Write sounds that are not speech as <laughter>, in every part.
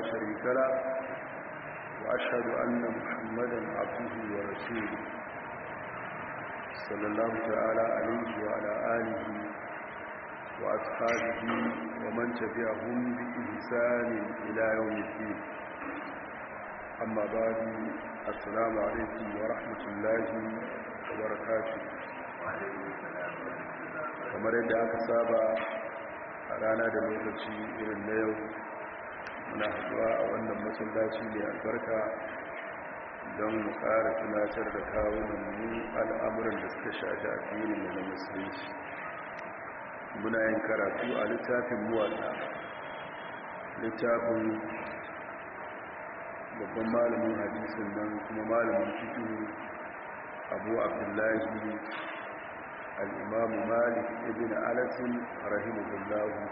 لا شريك له وأشهد أن محمدا عبده ورسوله صلى الله تعالى عليه وعلى آله وأصحابه ومن تبعهم بإحسان إلى يوم الدين أما بعد السلام عليكم ورحمة الله وبركاته kamar yadda aka saba a rana da lokaci irin na yau na haɗuwa a wannan masallaci mai albarka don mu ƙara tunatar da kawunan al'amuran da suka shafi a da na musulunci muna yin karatu a littafin muwata littafin babban malamin hadisun nan kuma malamin cikin abu abdullahi al'imamu malik ibn alasin rahimu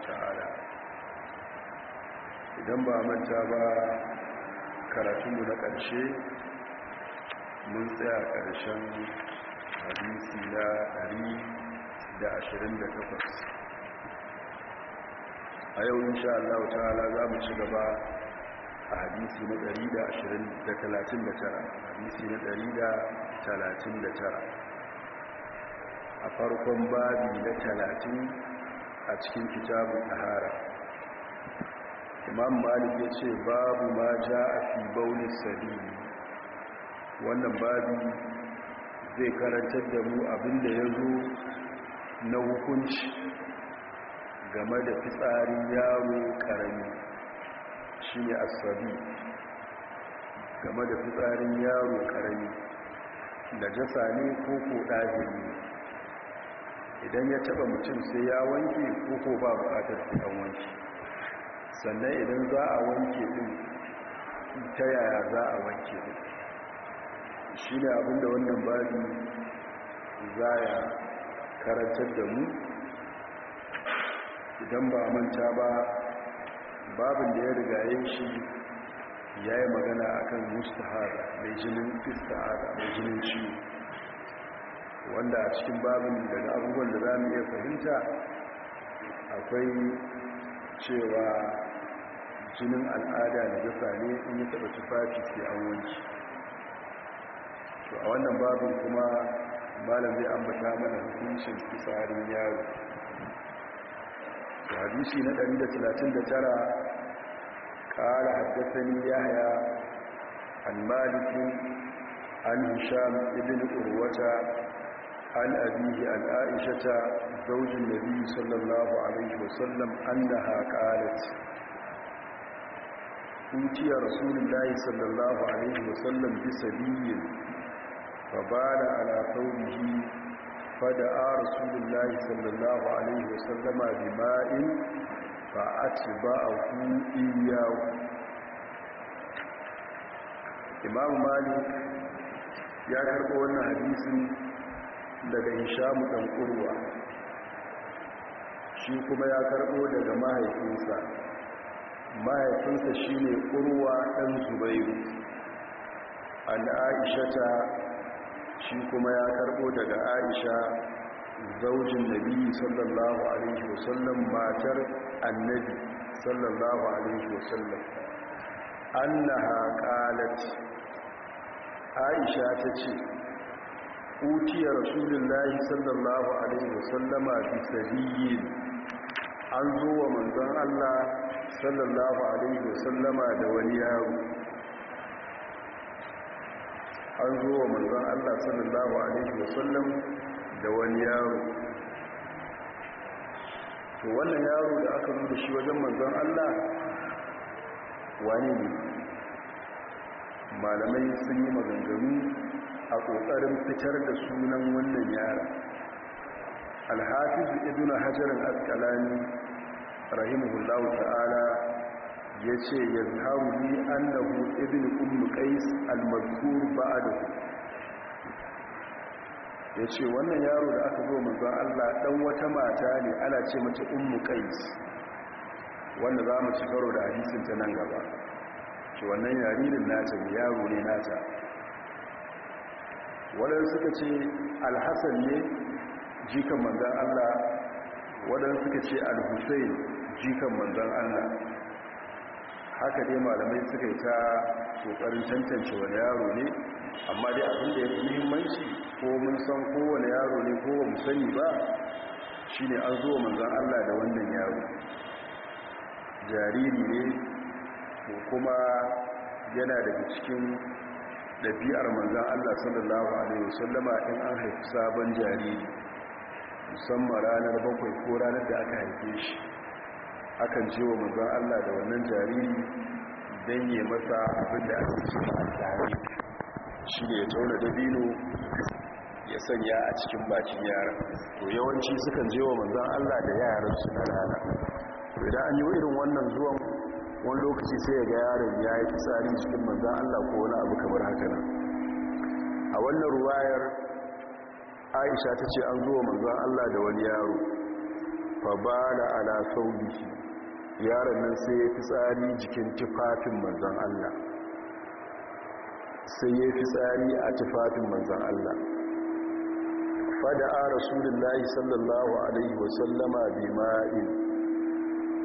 ta'ala idan ba manta ba karatunmu na ƙarshe mun tsaya ƙarshen hadisi na 128 a yau insha Allah ta'ala za mu ci gaba a hadisi na 139 hadisi na 139 a farkon babi na 30 a cikin kitabun tahara imam malik ya ce babu ma ja a fi baunin sabili wannan babu zai karantar da mu abinda ya zo na hukunci game da fitsarin yaro karami shi ne asabi game da fitsarin yaro karami da jasa ne ko ko ɗahiri idan ya taɓa mutum sai ya wanke ko ko ba buƙatar fitan wanki sannan idan za a wanke din ta yaya za a wanke din shi ne abinda wannan babi za ya karantar da mu idan ba a manta ba babin da ya rigaye shi ya yi magana a kan mustahara mai jinin fistahara mai jinin ciwo wanda a cikin babin daga abubuwan da za mu iya fahimta akwai cewa jinin al'ada na zafa ne in yi taba tufafi sai an To a wannan babin kuma malam zai ambata mana hukuncin fisarin yaro da hadisi na 139 kara haddasani yahaya an maliki an hisham ibn urwata an abihi an aishata zaujin nabi sallallahu alaihi wasallam an da haƙalat utiya rasulullahi sallallahu alaihi wasallam bi sabiyin fa bala ala thawbihi fada'a rasulullahi sallallahu alaihi wasallama bi ma'in fa ku. iyyahu imam malik ya karɓo wannan hadisin daga hishamu dan shi kuma ya karɓo daga mahaifinsa mahaifinsa shi ne urwa ɗan zubairu an aisha ta shi kuma ya karɓo daga aisha zaujin nabi sallallahu alaihi wasallam matar annabi sallallahu alaihi wasallam annaha qalat aisha ta ce utiya rasulullahi sallallahu alaihi wasallama bi sabiyin an zo wa manzon Allah sallallahu alaihi wasallama da wani yaro an zo wa manzon Allah sallallahu alaihi wasallam da wani yaro to wannan yaro da aka zo da shi wajen manzon Allah wani ne malamai sun yi maganganu a ƙoƙarin fitar da sunan wannan yara alhafiz ibn hajarin askalani rahimahullahu ta'ala ya ce yazharu li annahu ibn umm qais al-mazkur ba'dahu ya ce wannan yaro da aka zo manzon Allah dan wata mata ne ana ce mata umm qais wanda za mu ci karo da hadisin ta nan gaba ce wannan yaririn nata yaro ne nata Wadanda suka ce alhassan ne jikan manzan allah waɗanda suka ce alhussein jikan manzan allah haka dai malamai suka yi ta kokarin tantance wani yaro ne amma dai abin da ya fi muhimmanci ko mun san kowane yaro ne ko mu sani ba shine an zuwa manzan allah da wannan yaro jariri ne kuma yana daga cikin ɗabi'ar manzan Allah sallallahu Alaihi wasallama in an haifi sabon jariri musamman ranar bakwai ko ranar da aka haife shi akan je wa mazan Allah da wannan jariri don yi masa abin da ake ce ma shi ne ya tauna dabino ya sanya a cikin bakin yara. to yawanci sukan je wa mazan Allah da yaran su na rana to idan an yi irin wannan zuwan wani lokaci sai ya ga yaron ya yi tsari cikin mazan Allah ko wani abu kamar haka nan a wannan ruwayar aisha ta ce an wa mazan Allah da wani yaro fa da ala saubihi yaron nan sai ya fi tsari jikin tufafin manzan Allah sai ya fi tsari a tufafin manzan Allah fada a rasulullahi sallallahu alaihi wasallama bi ma'in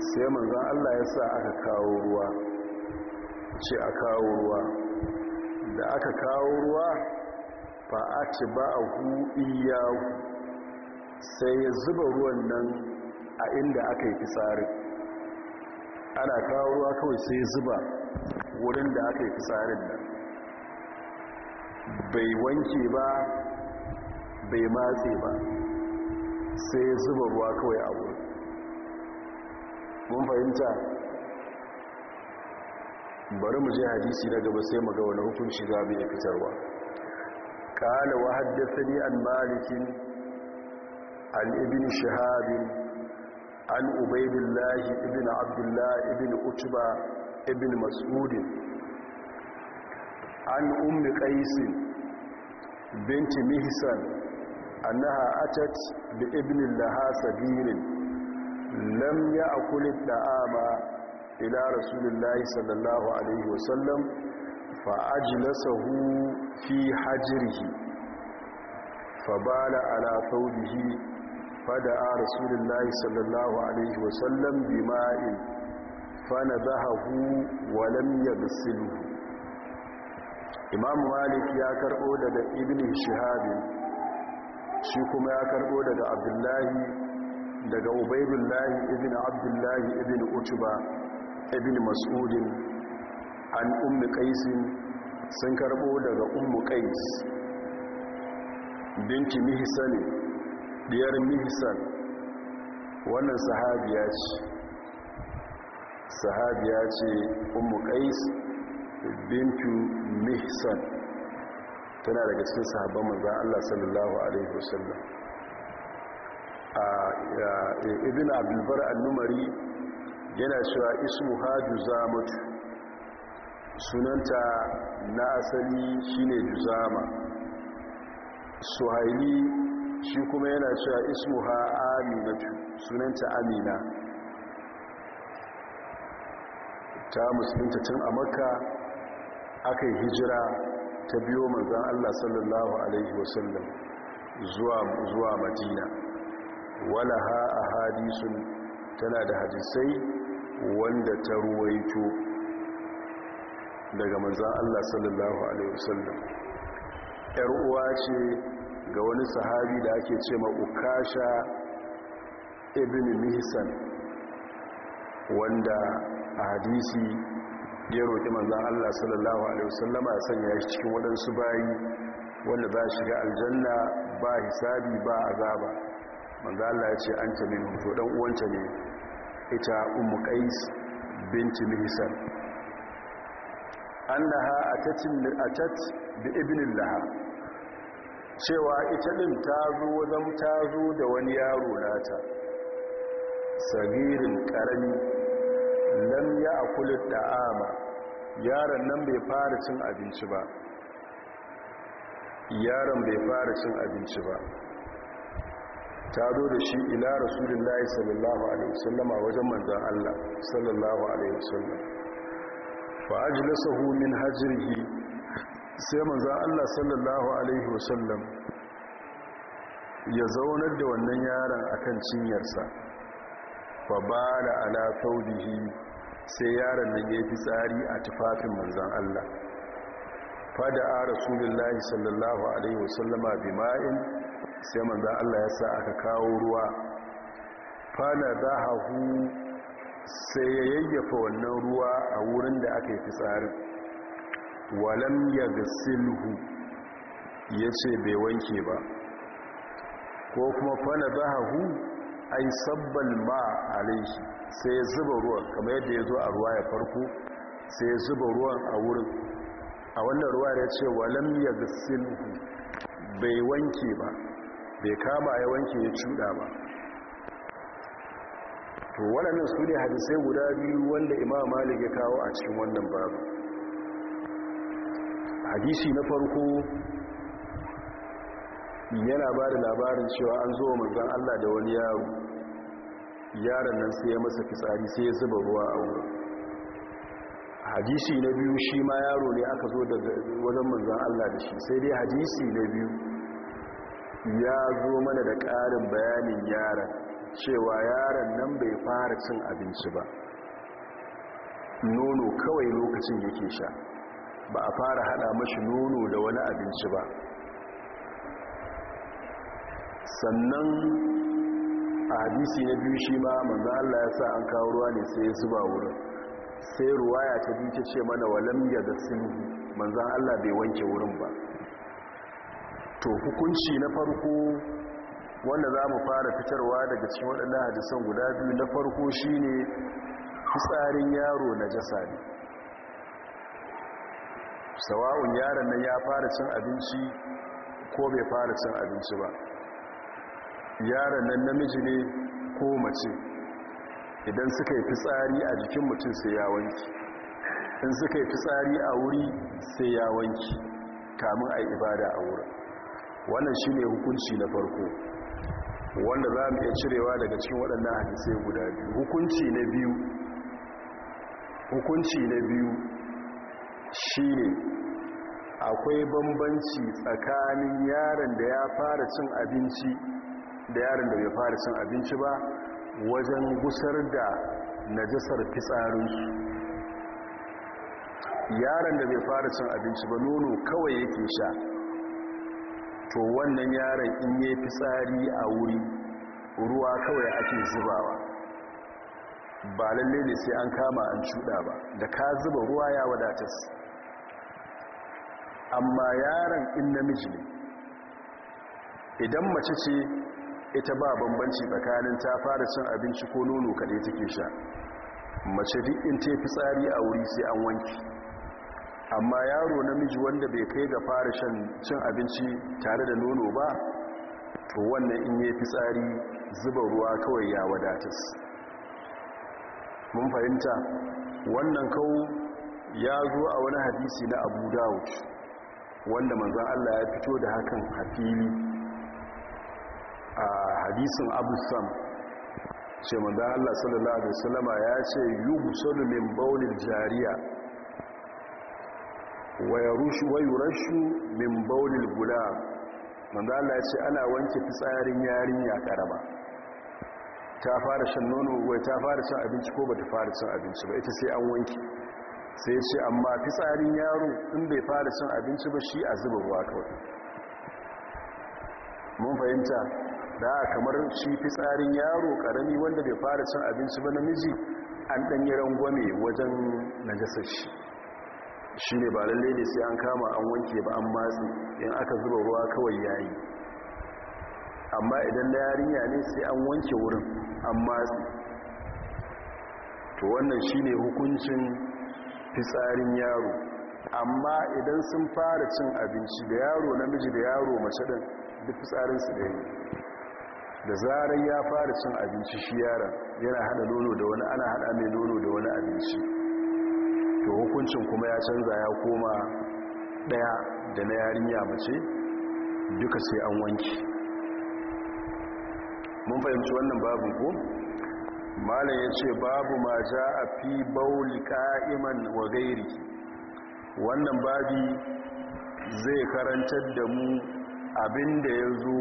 sai manzan Allah ya sa aka kawo ruwa ce a kawo ruwa da aka kawo ruwa ci ba a hu iyahu sai ya zuba ruwan nan a inda aka yi fitsarin ana kawo ruwa kawai sai zuba wurin da aka yi fitsarin nan bai wanke ba bai matse ba sai zuba ruwa kawai a wurin mun fahimta bari mu je hadisi na gaba sai mu ga wani hukunci za mu iya fitarwa قال وحدثني عن مالك عن ابن shahabin? an ubaidillahi ibn abdullahi ibn utuba ibn mas'udin an ummi qaisin binti mihsan annaha atat bi ibn laha sabirin lam ya'kul at'ama ila rasulillahi sallallahu alaihi wasallam fa ajlasahu fi hajrihi fa bala ala thawbihi fada'a rasulullahi sallallahu alaihi wasallam bima'in fana zahahu walam yabsilu imam malik ya karbo daga ibn shihab shi kuma ya karbo daga abdullahi daga ubaidullahi ibn abdullahi ibn utba ibn mas'udin an ummi qaisin sun karbo daga ummu qais binti mihsani diyar mihsan wannan sahabiya ce sahabiya ce ummu qais bintu mihsan tana daga cikin sahabban manzon Allah sallallahu alaihi wasallam a ibn abdul bar numari yana cewa ismuha sunanta na asali shine juzama suhaili shi kuma yana cewa ismuha aminatu sunanta amina ta musulunta tun a makka aka yi hijira ta biyo manzan allah sallallahu alaihi wasallam zuwa madina wala ha a hadisun tana da hadisai wanda ta ruwaito daga manzan allah sallallahu alaihi wasallam 'yar uwa ce ga wani sahabi da ake ce ma ibn mihsan wanda a hadisi ya roƙi manzan Allah sallallahu Alaihi wasallama ya sanya shi cikin waɗansu bayi wanda za shiga aljanna ba hisabi ba azaba manzan Allah ya ce an ta mutu ɗan uwanta ne ita umu ƙais binti mihsan an laha a tat da ibnin laha cewa ita din ta zo wajen ta zo da wani yaro nata sagirin karami nan ya akulu da'ama yaron nan bai fara cin abinci ba yaron bai fara cin abinci ba ta zo da shi ila rasulullahi sallallahu alaihi wasallama wajen manzon Allah sallallahu alaihi wasallam fa ajlasahu min hajrihi sai manzan allah sallallahu alaihi wasallam ya zaunar da wannan yaron akan cinyarsa ba ba da alakau sai yaron nan ya fi tsari a tufafin manzan allah fada a rasulullahi sallallahu alaihi wasallama ma'in sai manzan allah ya sa aka kawo ruwa fada za hahu sai ya yayyafa wannan ruwa a wurin da aka yi fitsarin walam ya gasilhu ya ce bai wanke ba ko kuma fana zahahu ai sabbal ma a laishi sai ya zuba ruwan kamar yadda ya zo a ruwa ya farko sai ya zuba ruwan a wurin a wannan ruwa ya ce walam ya gasilhu bai wanke ba bai kama ya wanke ya cuɗa ba to waɗannan su ne hadisai guda biyu wanda imam malik ya kawo a cikin wannan babu hadisi na farko yana ba da labarin cewa an zo manzan Allah da wani yaro yaron nan sai ya masa fitsari sai ya zuba ruwa a wurin hadisi na biyu shi ma yaro ne aka zo daga wajen manzan Allah da shi sai dai hadisi na biyu ya zo mana da ƙarin bayanin yaron cewa yaron nan bai fara cin abinci ba nono kawai lokacin yake sha ba a fara hada mashi nono da wani abinci ba sannan a hadisi na biyu shi ma manzo Allah ya sa an kawo ruwa ne sai ya zuba wurin sai ruwa ya ta biyu ta ce mana walam ya da sinuhu manzo Allah bai wanke wurin ba to hukunci na farko wanda za mu fara fitarwa daga cikin waɗannan hadisan guda biyu na farko shine fitsarin yaro na jasa ne sawa'un yaron nan ya fara cin abinci ko bai fara cin abinci ba yaron nan namiji ne ko mace idan suka yi fitsari a jikin mutum sai ya wanki in suka yi fitsari a wuri sai ya wanki kamun a ibada a wurin wannan shi ne hukunci na farko wanda za mu iya cirewa daga cikin waɗannan hadisai guda biyu hukunci na biyu Shi ne akwai bambanci tsakanin yaron da ya fara cin abinci da yaron da bai fara cin abinci ba wajen gusar da najasar fitsarinsu yaron da bai fara cin abinci ba nono kawai yake sha to wannan yaron in yi fitsari a wuri ruwa kawai ake zubawa ba lalle ne sai an kama an cuɗa ba da ka zuba ruwa ya wadatas amma yaron in namiji ne idan mace ce ita ba bambanci tsakanin ta fara cin abinci ko nono kaɗai take sha mace duk in ta fi tsari a wuri sai an wanki amma yaro namiji wanda bai kai ga fara shan cin abinci tare da nono ba to wannan in ya fi tsari zuba ruwa kawai ya wadatas mun fahimta wannan kawo ya zo a wani hadisi na abu dawud wanda manzan Allah ya fito da hakan hafili a hadisun abu sam ce manzan Allah sallallahu Alaihi wasallama ya ce yi musulun min baunin jariya wayu rashu min baunin guda manzan Allah ya ce ana wanke fitsarin yarinya karama ta fara shan nono wai ta fara cin abinci ko ba ta fara cin abinci ba ita sai an wanke sai ce amma fitsarin yaro in bai fara cin abinci ba shi a zuba ruwa kawai mun fahimta da kamar shi fitsarin yaro karami wanda bai fara cin abinci ba namiji an yi rangwame wajen najasar shi shi ne ba lalle ne sai an kama an wanke ba an matsi in aka zuba ruwa kawai yayi amma idan na yarinya ne sai an wanke wurin an matsi to wannan shi ne hukuncin fitsarin yaro amma idan sun fara cin abinci da yaro namiji da yaro mace da duk su da yi da zarar ya fara cin abinci shi yaron yana hada nono da wani ana hada mai nono da wani abinci to hukuncin kuma ya canza ya koma ɗaya da na yarinya mace duka sai an wanki mun fahimci wannan babu ko malam ya ce babu ma ja a fi bauli ka'iman wa gairi wannan babi zai karantar da mu abinda ya zo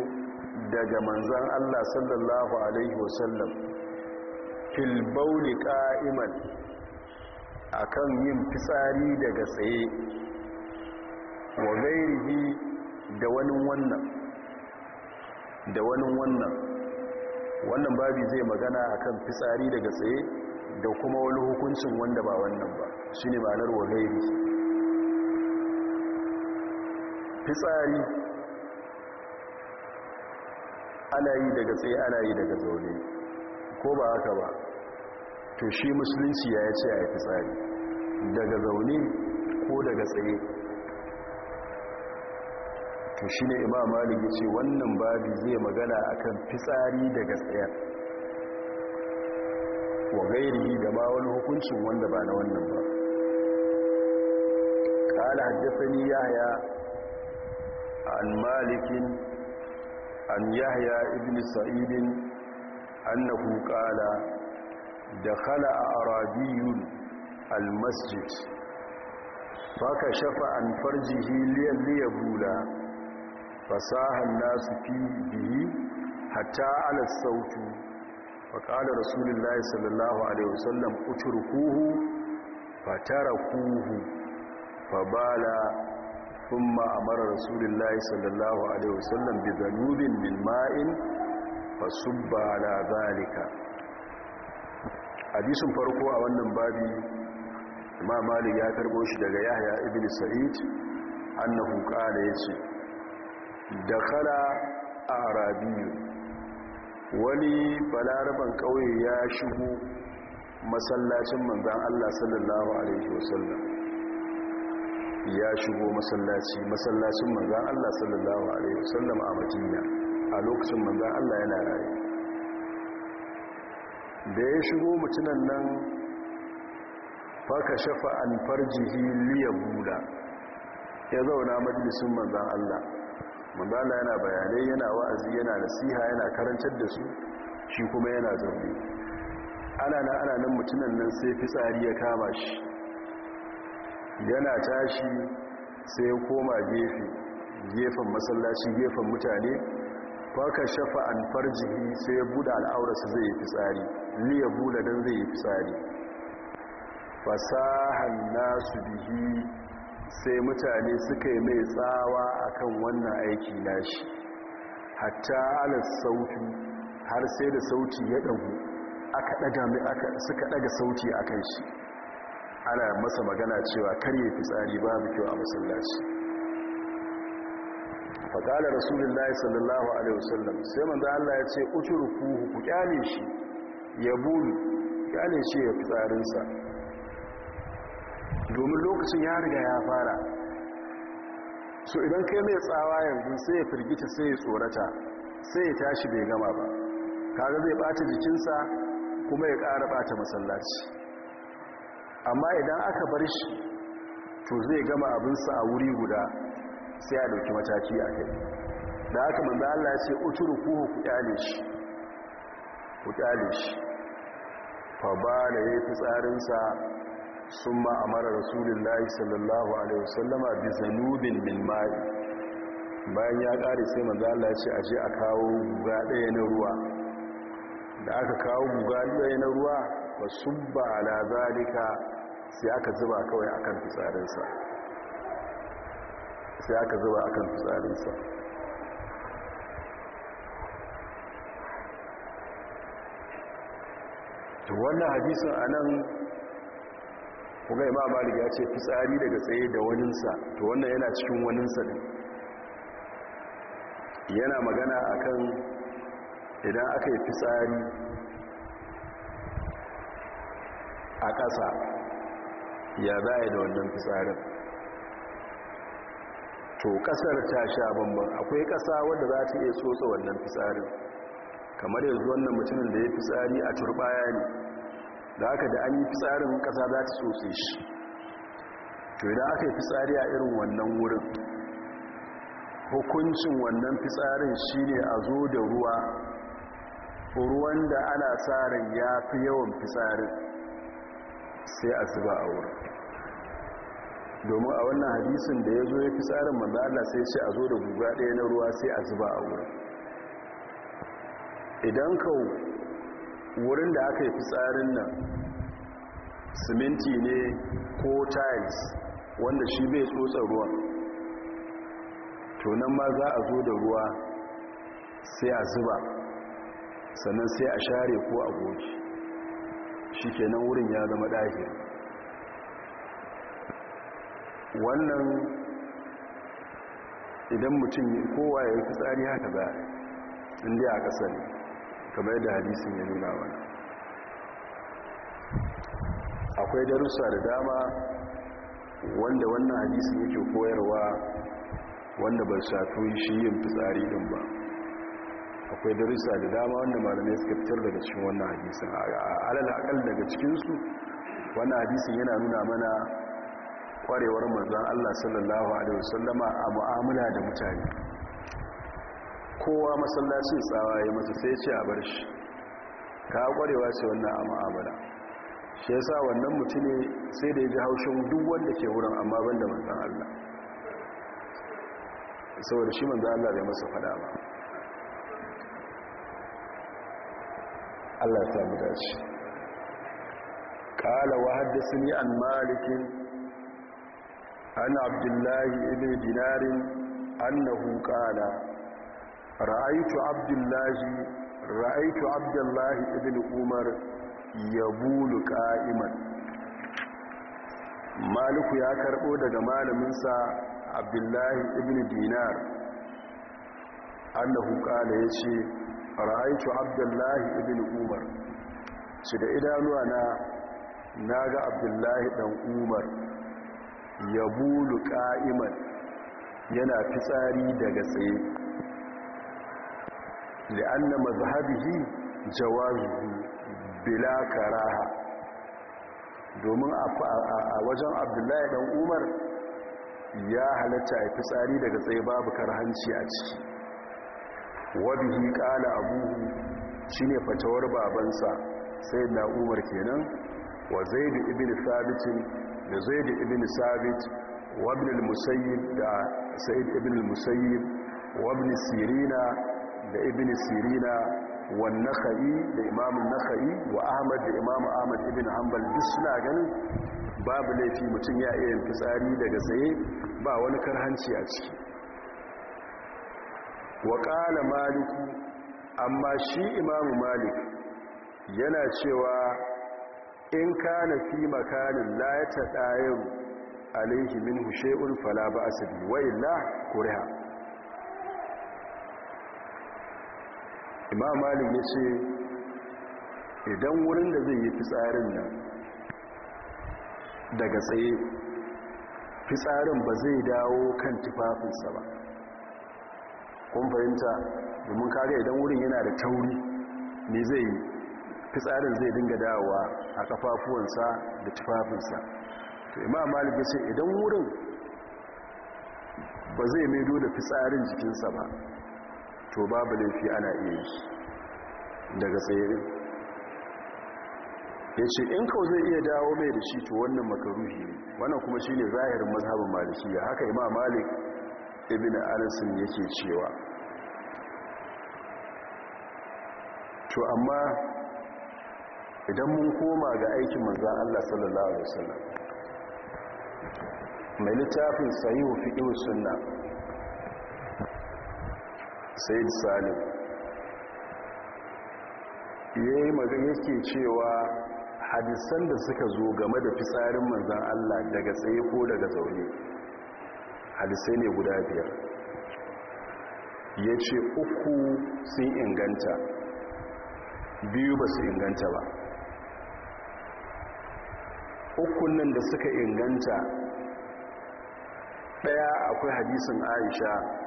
daga manzan Allah sallallahu Alaihi wasallam fil bauli ka'iman kan yin fitsari daga tsaye wa gairi da wani wannan da wani wannan wannan babi zai magana a kan fitsari daga tsaye da kuma wani hukuncin wanda ba wannan ba Shi ne ma'anar wa gairi fitsari ana yi daga tsaye ana yi daga zaune ko ba haka ba to shi musulunci ya ce a yi fitsari daga zaune ko daga tsaye to shi ne imam malik ya ce wannan babi zai magana akan fitsari daga tsayar wa gairi da ma wani hukuncin wanda ba na wannan ba kala haddasani yahya an malikin an yahya ibn sa'idin da qala dakhala arabiyun almasjid fa kashafa an farjihi liyal liyabula fasahan nasu fi bihi hatta ala sautu wa qala rasulullahi sallallahu alaihi wasallam utrukuhu fatarakuhu fabala thumma amara rasulullahi sallallahu alaihi wasallam bi dhanubin min ma'in fasubba ala zalika hadisin farko a wannan babi imam malik ya karbo shi daga yahya ibn sa'id annahu qala yace da kala a harabiyu wani balaraban ƙauye ya shigo masallacin manzan Allah sallallahu Alaihi wasallam ya shigo masallaci masallacin manzan Allah sallallahu Alaihi wasallam a matinya a lokacin manzan Allah yana raye da ya shigo mutunan nan faka shafa alfarjihi liya buda ya zauna majalisun manzan Allah manzala yana bayanai yana wa'azi yana nasiha yana karantar da su shi kuma yana zaune ana nan ana nan mutunan nan sai fitsari ya kama shi yana tashi sai ya koma gefe gefen masallaci gefen mutane faka shafa an farjihi sai ya buɗe al'aurarsa zai yi fitsari ni ya buɗe don zai yi fitsari fasahan nasu bihi sai mutane suka yi mai tsawa akan wannan aiki shi, hatta alas sauti har sai da sauti ya dagu aka daga suka daga sauti akan shi ana masa magana cewa karye fitsari babu kyau a masallaci faƙalar rasulullahi sallallahu alaihi wasallam sai manzo Allah ya ce uturu ku kyale shi ya bulu kyale shi ya fitsarinsa domin lokacin ya riga ya fara so idan kai mai tsawa yanzu sai ya firgita sai ya tsorata sai ya tashi bai gama ba kaga zai bata jikinsa kuma ya ƙara bata masallaci amma idan aka bar shi to zai gama abinsa a wuri guda sai ya ɗauki mataki a kai da haka manzo Allah ce uturu kuhu ku kyale shi ku kyale shi fa ba da yayi fitsarinsa sun ma rasulun rasulullahi sallallahu alaihi wasallama bi zanubin bin ma'i bayan ya ƙari sai mazala ce a ce a kawo guga ɗaya na ruwa da aka kawo guga ɗaya na ruwa wa subba ala zalika sai aka zuba kawai akan fitsarinsa sai aka zuba kan fitsarinsa to wannan hadisin nan. kuma imam malik ya ce fitsari daga tsaye da waninsa to wannan yana cikin waninsa ne yana magana akan idan aka yi fitsari a ƙasa ya za da wannan fitsarin to ƙasar ta sha bambam akwai ƙasa wadda za ta iya tsotsa wannan fitsarin kamar yanzu wannan mutumin da ya fitsari a turbaya ne da haka da an yi fitsarin kasa za ta tsotse shi to idan aka yi fitsari a irin wannan wurin hukuncin wannan fitsarin shi ne a zo da ruwa ruwan da ana tsarin ya fi yawan fitsarin sai a zuba a wurin domin a wannan hadisin da ya zo ya fi tsarin manzala sai ce a zo da guga ɗaya na ruwa sai a zuba a wurin idan kawo wurin da aka yi fitsarin nan siminti ne ko tiles wanda shi bai tsotsa ruwan tunan ma za a zo da ruwa sai a zuba sannan sai a share ko a goji shi kenan wurin ya zama ɗaki. wannan idan mutum kowa ya yi fitsari haka ba inda a ƙasa ne kamar yadda hadisin ya nuna wani akwai darussa da dama wanda wannan hadisin yake koyarwa wanda ba shafi shi yin fitsari din ba akwai darussa da dama wanda malamai suka fitar daga cikin wannan hadisin alal akal daga cikinsu wannan hadisin yana nuna mana kwarewar manzan Allah sallallahu alaihi wasallama a mu'amala da mutane kowa masallaci tsawa ya masa sai ce a bar shi ka kwarewa ce wannan a ma'amala shi sa wannan mutum ne sai da ya ji haushin duk wanda ke wurin amma ban da manzan Allah saboda shi manzan Allah bai masa fada ba Allah ta mu dace qala wa haddathani an malik an abdullahi ibn dinar annahu qala ra'aitu abdullahi ra'aitu abdullahi ibn umar yabulu qa'iman maliku ya karbo daga malaminsa abdullahi ibn dinar annahu qala yace ra'aitu abdullahi ibn umar shi da idanuwa na naga abdullahi dan umar yabulu qa'iman yana fitsari daga tsaye li'anna mazhabihi jawazuhu bila karaha domin a wajen abdullahi dan umar ya halatta a fitsari daga tsaye babu karhanci a ciki wabihi kala abuhu shine fatawar babansa sai na umar kenan wa zaid ibn thabit da zaid ibn thabit wa ibn da sa'id ibn al-musayyib sirina da ibn sirina wa nakhai da imam nakhai wa ahmad da imam ahmad ibn hanbal duk suna ganin babu laifi mutum ya iya fitsari daga tsaye ba wani karhanci a ciki wa qala maliku amma shi imam malik yana cewa in kana fi makalin la yatadayu alaihi minhu shay'un fala ba'sa bi wa illa kuriha imam malik ya ce idan wurin da zai yi fitsarin nan daga tsaye fitsarin ba zai dawo kan tufafinsa ba kun fahimta domin kaga idan wurin yana da tauri ne zai yi fitsarin zai dinga dawowa a kafafuwansa da tufafinsa to imam malik ya ce idan wurin ba zai maido da fitsarin jikinsa ba to babu laifi ana iya yi daga tsere ya ce in kawo zai iya dawo mai da shi to wannan makaruhi ne wannan kuma shi ne zahirin mazhabin ya haka imam malik ibn alisun yake cewa to amma idan mun koma ga aikin manzan allah sallallahu alaihi wasallam mai littafin sayi wa wa sunna said salim ya yi magana yake cewa hadisan da suka zo game da fitsarin manzan Allah daga tsaye ko daga zaune hadisai ne guda biyar ya ce uku sun inganta biyu ba su inganta ba ukun nan da suka inganta Ɗaya akwai hadisin aisha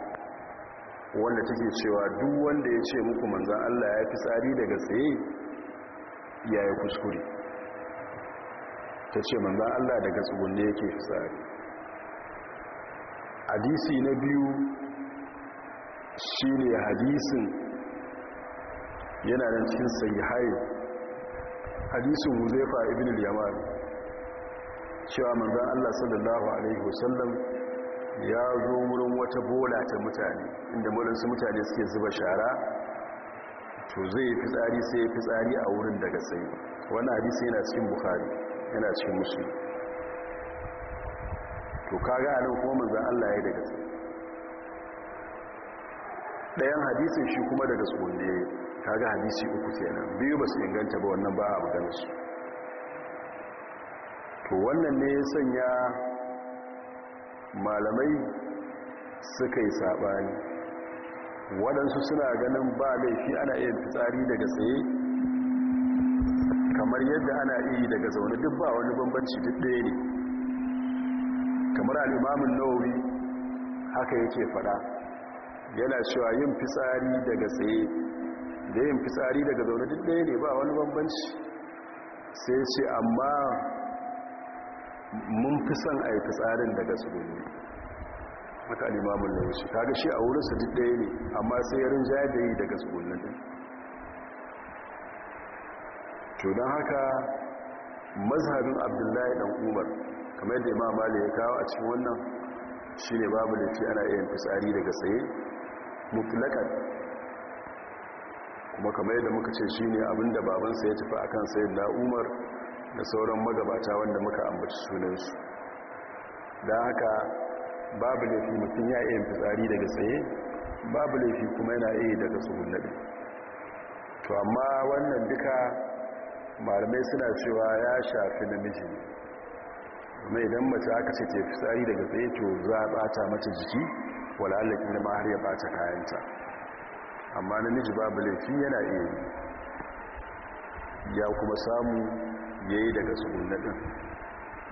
wanda take cewa duk wanda ya ce muku manzan Allah ya fi tsari daga tsaye ya yi kuskure ta ce manzan Allah daga tsugunne yake fi tsari hadisi na biyu shi ne hadisin yana nan cikin sayi hayo hadisin huzaifa ibn al yamari cewa manzan Allah sallallahu alaihi wasallam ya zo wurin wata bola ta mutane inda mulinsu mutane suke zuba shara to zai fi tsari sai ya fi tsari a wurin daga sai wani hadisi yana cikin bukari yana cikin musu to kaga a nan kuma manzan allah ya daga sai ɗayan hadisin shi kuma daga tsohonde kaga hadisi uku kenan biyu ba su inganta ba wannan ba a maganarsu to wannan ne ya sanya malamai suka yi saɓani waɗansu suna ganin ba laifi ana iya fitsari daga tsaye kamar yadda ana iya daga zaune duk ba wani bambanci duk ɗaya ne kamar al'imamin nauri haka yake fada yana cewa yin fitsari daga tsaye da yin fitsari daga zaune duk ɗaya ne ba wani bambanci sai ce amma mun fi son a yi fitsarin daga tsibiri maka alimamun da wuce Ta gashi a su duk ɗaya ne amma sai yarin jayayi daga tsibiri to don haka mazhabin abdullahi dan umar kamar yadda imam mali ya kawo a cikin wannan shine babu laifi ana iya yin fitsari daga tsaye mutlakan kuma kamar yadda muka ce shine abinda babansa ya tafi akan sayyidina umar da sauran magabata wanda muka ambaci sunansu don haka babu laifi mutum ya iya fitsari daga tsaye babu laifi kuma yana iya daga tsugunabi to amma wannan duka malamai suna cewa ya shafi namiji kuma idan mace aka ce ce fitsari daga tsaye to za a bata mata jiki wala allakin da har ya bata kayanta amma namiji babu laifi yana iya ya kuma samu ya yi daga sunna ɗin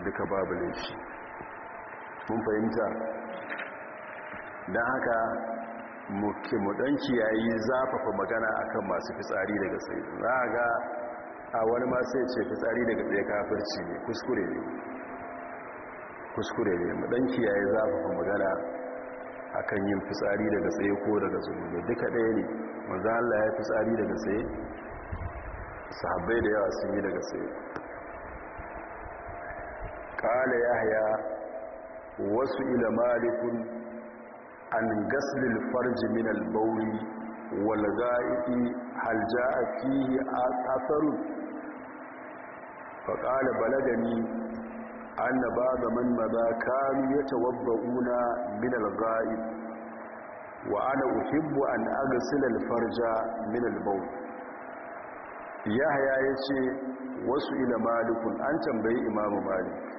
duka babu laifi mun fahimta don haka mudanki ya yi zafafa magana akan masu fitsari daga sai za a ga a wani masu ya ce fitsari daga tsaye kafirci ne kuskure ne kuskure ne mudanki ya yi zafafa magana akan yin fitsari daga tsaye ko daga zunubi duka ɗaya ne wanzan Allah ya fitsari daga tsaye sahabbai da yawa sun yi daga tsaye ƙala yahya wasu ila malikun an gaslil farji min albauli wal ga'iqi hal ja'a fihi atharu fa qala balagani anna ba'da man madha kanu yatawabba'una min al wa ana uhibbu an aghsila al-farja min al yahya yace wasu ila malikun an tambayi imamu malik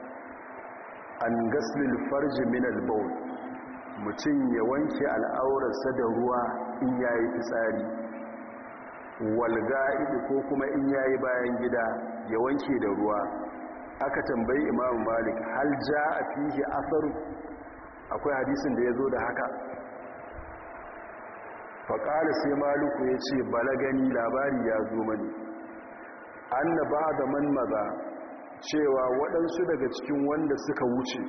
an gaslil farji min albaul mutum ya wanke al'aurarsa da ruwa in yayi fitsari walga'idi ko kuma in yayi bayan gida ya wanke da ruwa aka tambayi imam malik hal jaa fihi asaru akwai hadisin da yazo da haka qala sai maluku ya ce balagani labari ya zo mani anna ba'da man maza cewa waɗansu daga cikin wanda suka wuce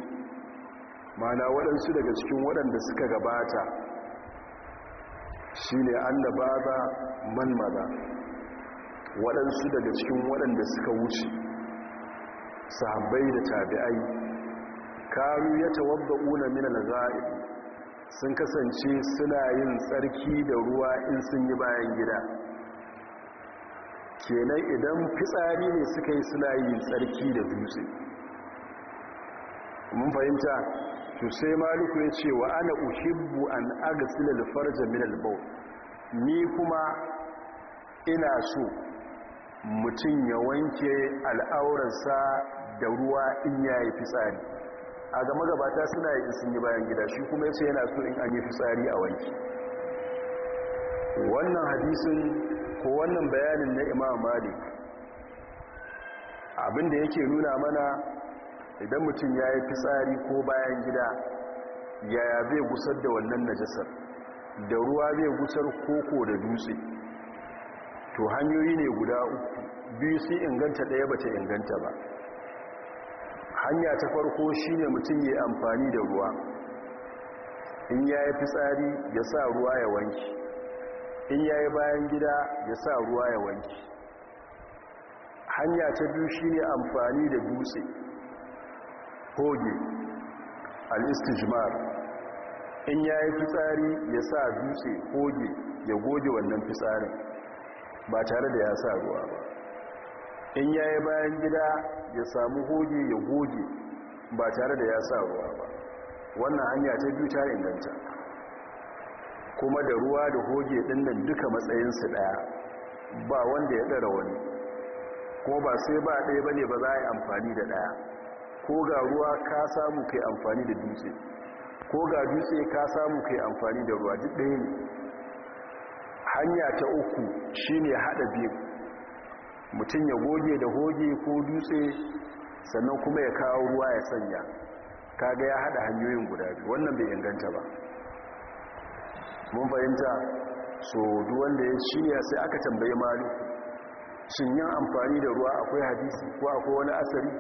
mana waɗansu daga cikin waɗanda suka gabata shi ne an da ba man maza waɗansu daga cikin waɗanda suka wuce sahabbai da tabi'ai karu ya tawabba una mina na za'i sun kasance suna yin tsarki da ruwa in sun yi bayan gida kenan idan fitsari ne suka yi suna yi tsarki da dutse mun fahimta to sai maliku ya ce wa ana uhibbu an agasila alfarja min Ba'u, ni kuma ina so mutum ya wanke al'aurarsa da ruwa in ya yi fitsari a ga gabata suna yi sun yi bayan gida shi kuma yasa yana so in an yi fitsari a wanke wannan hadisin Ko wannan bayanin na imam malik abinda yake nuna mana idan mutum ya yi fitsari ko bayan gida yaya zai gusar da wannan najasar da ruwa zai gusar koko da dutse to hanyoyi ne guda uku biyu su inganta ɗaya bata inganta ba hanya ta farko shi ne mutum ya amfani da ruwa in ya yi fitsari ya sa ruwa ya wanki in ya yi bayan gida ya sa ruwa ya wanke, hanya ta biyu shi ne amfani da dutse hoge al-istijmar in ya yi fitsari ya sa dutse hoge ya goge wannan fitsarin ba tare da ya sa ruwa ba in ya yi bayan gida ya samu hoge ya goge ba tare da ya sa ruwa ba wannan hanya ta biyu ta inganta kuma da ruwa da hoge ɗin nan duka matsayinsu ɗaya ba wanda ya ɗara wani kuma ba sai ba ɗaya ba ne ba za a yi amfani da ɗaya ko ga ruwa ka samu kai amfani da dutse ko ga dutse ka samu kai amfani da ruwa duk ɗaya ne hanya ta uku shi ne haɗa biyu mutum ya goge da hoge ko dutse sannan kuma ya kawo ruwa ya sanya kaga ya haɗa hanyoyin guda biyu wannan bai inganta ba mun fahimta so duwanda ya shirya sai aka tambaye malu shin yin amfani da ruwa akwai hadisi ko akwai wani asari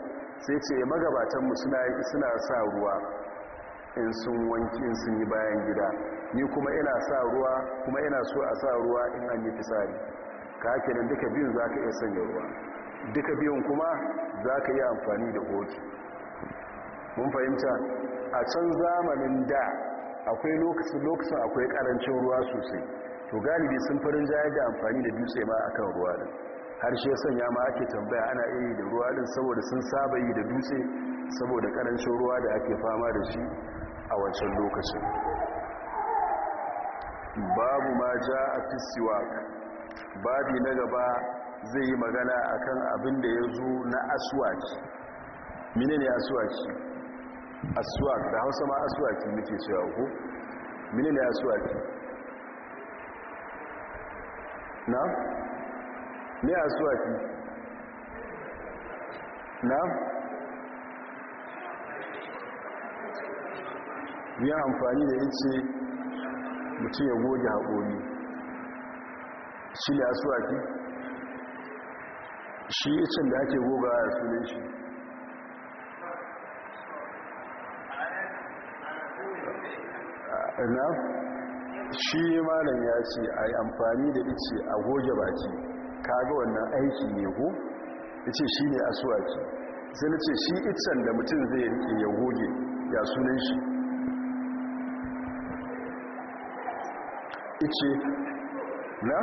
sai ce magabatanmu suna sa ruwa in sun wanki sun yi bayan gida ni kuma ina sa ruwa kuma ina so a sa ruwa in an yi fisari ka haka nan duka biyun za ka iya sanya ruwa duka biyun kuma za ka yi amfani da kotu. mun fahimta a can zamanin da akwai lokacin akwai karancin ruwa sosai to galibi sun farin jaya da amfani da dutse ma akan ruwa din har shi ya sanya ma ake tambaya ana iya da ruwa din saboda sun saba yi da dutse saboda karancin ruwa da ake fama da shi a wancan lokacin babu ma ja a fisiwak babi na gaba zai yi magana akan abin da ya zo na aswaci mine ne aswaci aswak da hausa ma aswaki muke cewa ku mini ne aswaki na? ne aswaki na? biyan amfani da ce mutum ya goge haƙoni shi ne aswaki shi icin da ake goga a sunan shi na shi malam ya ce a yi amfani da ice a goge baki kaga wannan aiki ne ko ice shi ne asuwaki sai na ce shi itsan da mutum zai rike ya goge ya sunan shi ice na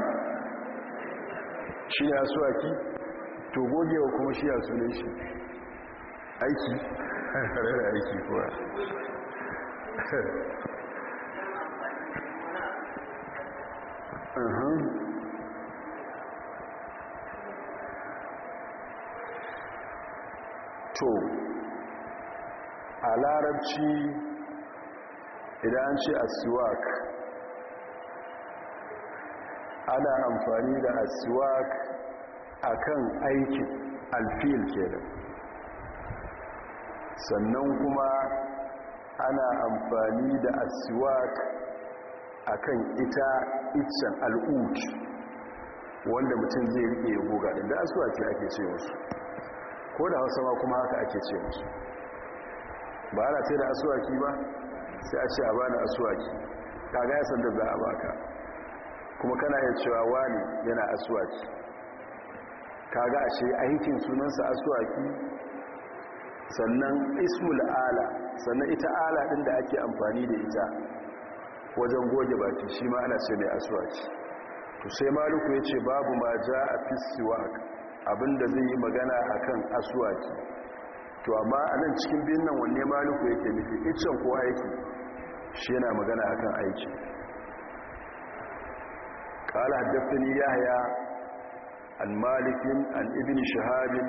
shi ne asuwaki to gogewa kuma shi ya sunan shi aiki <laughs> aiki kuwa Uh-huh. to a larabci idan ce asiwak ana amfani da asiwak akan aikin alfil da, sannan kuma ana amfani da a kan ita iccen al'ud wanda mutum zai rike ya goga din da asuwa ce ake ce musu ko da hausa ma kuma haka ake ce musu ba ana sai da asuwaki ba sai a ce a bani asuwaki kaga ya sanda za a baka kuma kana yin cewa wani yana asuwaki kaga a ce aikin sunansa asuwaki sannan ismul ala sannan ita ala ɗin da ake amfani da ita wajen goge baki shi ma ana sai mai aswaci. to sai maluku ya ce babu ma ja a fisiwak abinda zai yi magana a kan aswaki to amma a nan cikin biyun nan wanne maluku yake nufi iccen ko aiki shi yana magana a kan aiki ƙala haddafin yahya an malikin an ibin shahabin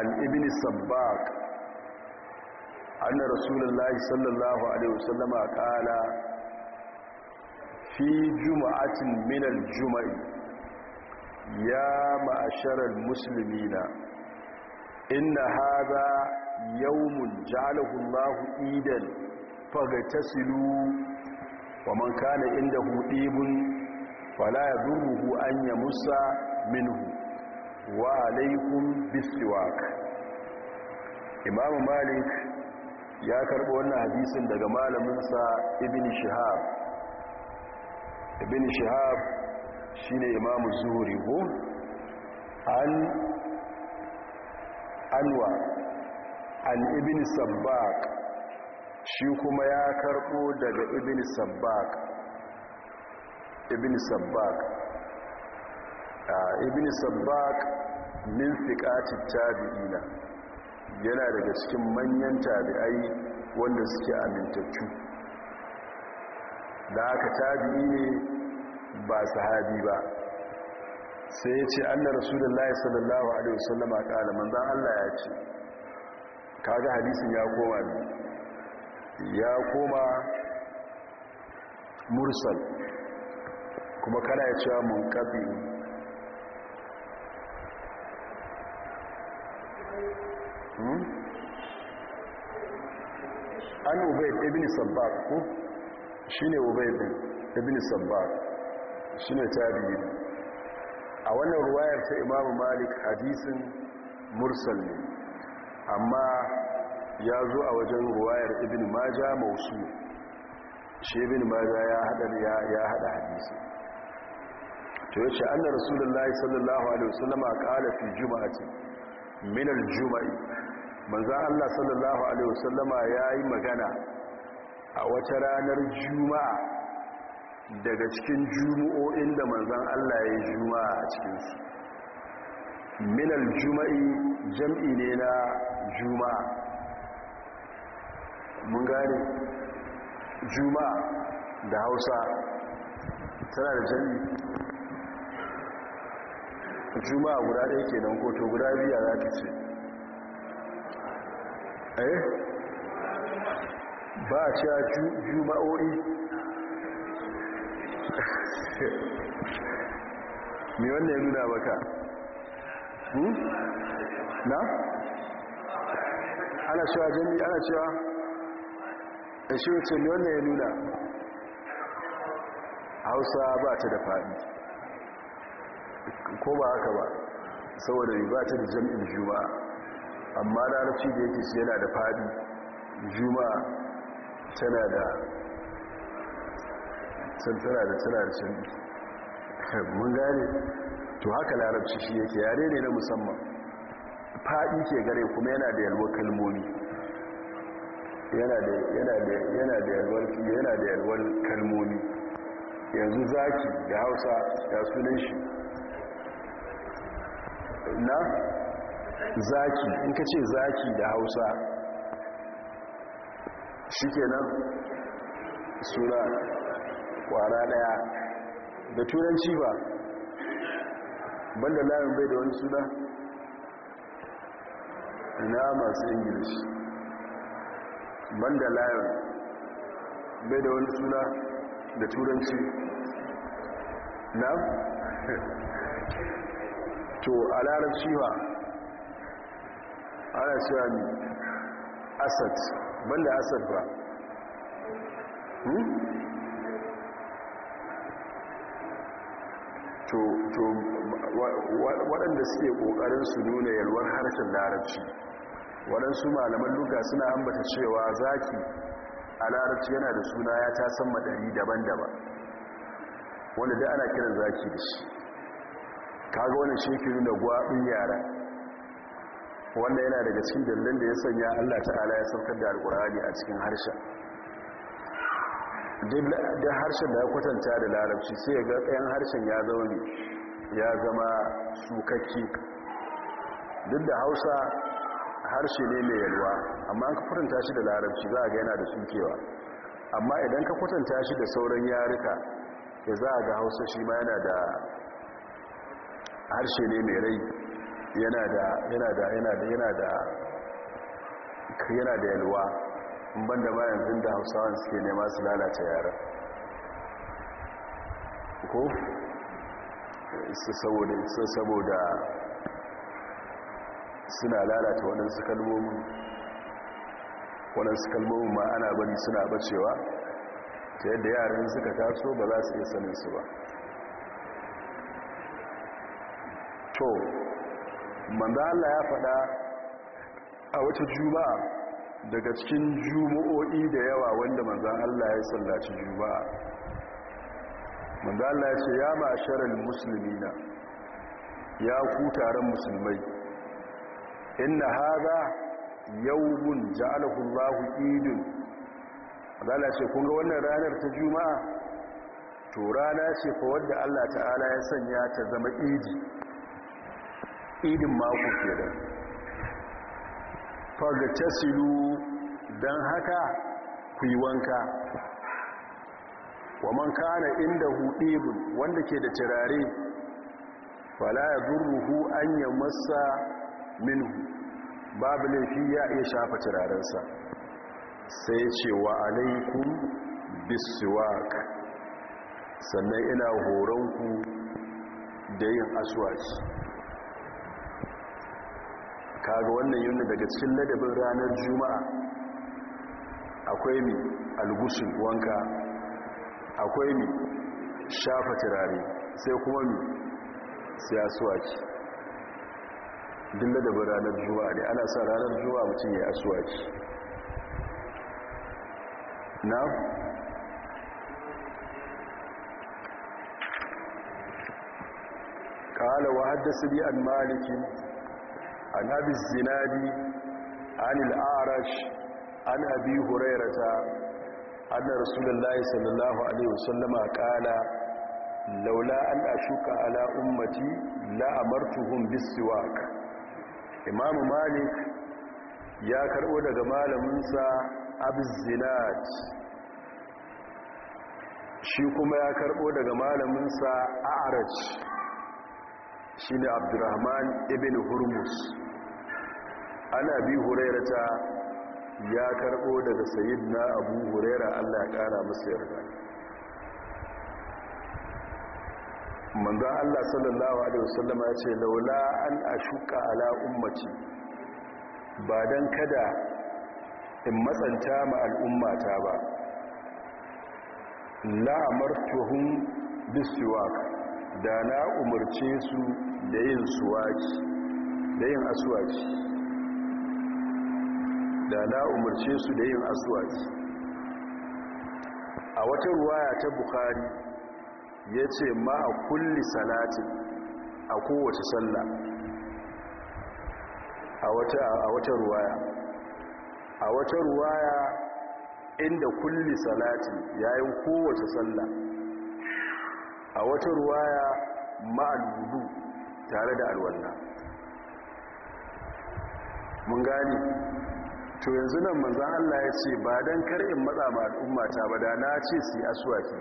an ibin sabbaq anna rasulullahi sallallahu alaihi wasallama qala fi juma'atin minal juma'i ya ma'asharar musulmina inna haza yawmun ja'alahu Allahu idan fagatasilu wa man kana indahu ibun fala yadurruhu an musa minhu wa alaykum bisiwak Imam Malik ya karɓi wannan hadisin daga malaminsa Ibn Shihab ibn shihab shi ne imamu zuhuri ko an anwa an ibn sabbaq shi kuma ya karɓo daga ibn sabbaq ibn sabbaq ibn sabbaq min fiqati tabi'ina yana daga cikin manyan tabi'ai wanda suke amintattu da aka tabi'i ne ba sahabi ba sai ya ce annar rasulullahi sallallahu alaihi wasallama kala manzan Allah ya ce kaga hadisin ya koma ne ya koma mursal kuma kana ya cewa kafi hmm? an ubayd ibn sabbaq ko shi ne ubaidin ibn sabba shi ne tabi'i a wannan ruwayar ta imamu malik hadisin mursal ne amma ya zo a wajen ruwayar ibn maja mausu shi ibn maja ya hada hadisi to yace anna rasulullahi sallallahu alaihi wasallama qala fi juma'ati min al-juma'i manzo Allah sallallahu alaihi wasallama yayi magana a wata ranar juma'a daga cikin jumu'o'in da manzan Allah ya yi juma'a a cikinsu minal juma'i jam'i ne na juma'a mun gane juma'a da hausa tana da jam'i juma'a guda ɗaya ke nan koto guda biya za ta ce eh ba a cewa juma'o'i mai wannan ya nuna baka hmm? na? ana cewa jami ana cewa da shi wace mai wannan ya nuna hausa ba ta da faɗi ko ba haka ba saboda ba ta da jami'in juma'a amma na rafi da yake ce yana da faɗi juma'a tana da tana da tana da can mun gane to haka larabci shi yake yare ne na musamman faɗi ke gare kuma yana da yalwar kalmomi yana da yalwar kalmomi yanzu zaki da hausa ya sunan shi na zaki in ka ce zaki da hausa shi kenan suna kwara daya da turanci ba banda layin bai da wani suna na masu ingilis banda layin bai da wani suna da turanci na <laughs> to a larabci ba ana cewa asat banda asar ba hmm? to waɗanda suke ƙoƙarin su nuna yalwar harshen larabci waɗansu malaman luga suna ambata cewa zaki a larabci yana da suna ya ta san madari daban-daban wanda da ana kiran zaki da shi kaga wani shekiru da gwaɓin yara wanda yana daga cikin dalilin da ya sanya Allah ta'ala ya saukar da alkur'ani a cikin harshen da harshen da ya kwatanta da larabci sai ya ga ɗayan harshen ya ne ya zama sukakki duk da hausa harshe ne mai yalwa amma an ka kwatanta shi da larabci za a ga yana da sukewa amma idan ka kwatanta shi da sauran yarika ya za a ga hausa shi ma yana da harshe ne mai rai yana da yana da yana da yana da yana da yalwa banda ba yanzu da hausawa suke nema su lalata yaran ko saboda saboda suna lalata waɗansu kalmomin waɗansu kalmomin ma ana bani suna bacewa ta yadda yaran suka taso ba za su iya saninsu ba to manzo Allah ya faɗa a wata juma'a daga cikin juma'o'i da yawa wanda manzo Allah ya sallaci juma'a manzo Allah ya ce ya musulmi na, ya ku taron musulmai inna hadha yawmun ja'alahu Allahu idin Allah ya ce kun ga wannan ranar ta juma'a to rana ce fa wanda Allah ta'ala ya sanya ta zama idi idin mako kenan faga silu, don haka ku yi wanka wa man kana inda hudibun wanda ke da turare fala ya an ya masa minhu babu laifi ya iya shafa turarensa sai cewa alaikum bisuwak sannan ina ku da yin aswaci kaga wannan yunna daga cikin ladabin ranar juma'a akwai mi algusul wanka akwai mi shafa turare sai kuma mi siyasuwaci duk ladabin ranar juma'a ne ana sa ranar juma'a mutum ya asuwaci na قال وحدثني عن مالك an abi zinadi an al'arash an abi hurairata an rasulullahi sallallahu alaihi wasallama kala laula an ashuka ala ummati la amartuhum bisiwak imam malik ya karbo daga malaminsa أبي zinad shi kuma ya karbo daga malaminsa A'arash. shi ne abdurrahman ibn hurmus ana bi huraira ta ya karɓo daga sayid na abu huraira allah ya ƙara masa yarda manzan allah sallallahu alaihi wasallama ya ce laula an ashuka ala ummaci ba don kada in matsanta ma al'ummata ba la'amartuhun bisuwa da na umarce su da yin suwaci da yin asuwaci da na umarce su da yin asuwaci a wata ruwaya ta bukari ya ce ma a kulli salatin a kowace sallah a wata ruwaya a wata ruwaya inda kulli salatin yayin kowace sallah a wata ruwaya ma'al wudu tare da alwanna. mun gani to yanzu nan manzan Allah ya ce ba don in matsa ma ta ba da na ce su yi asuwaki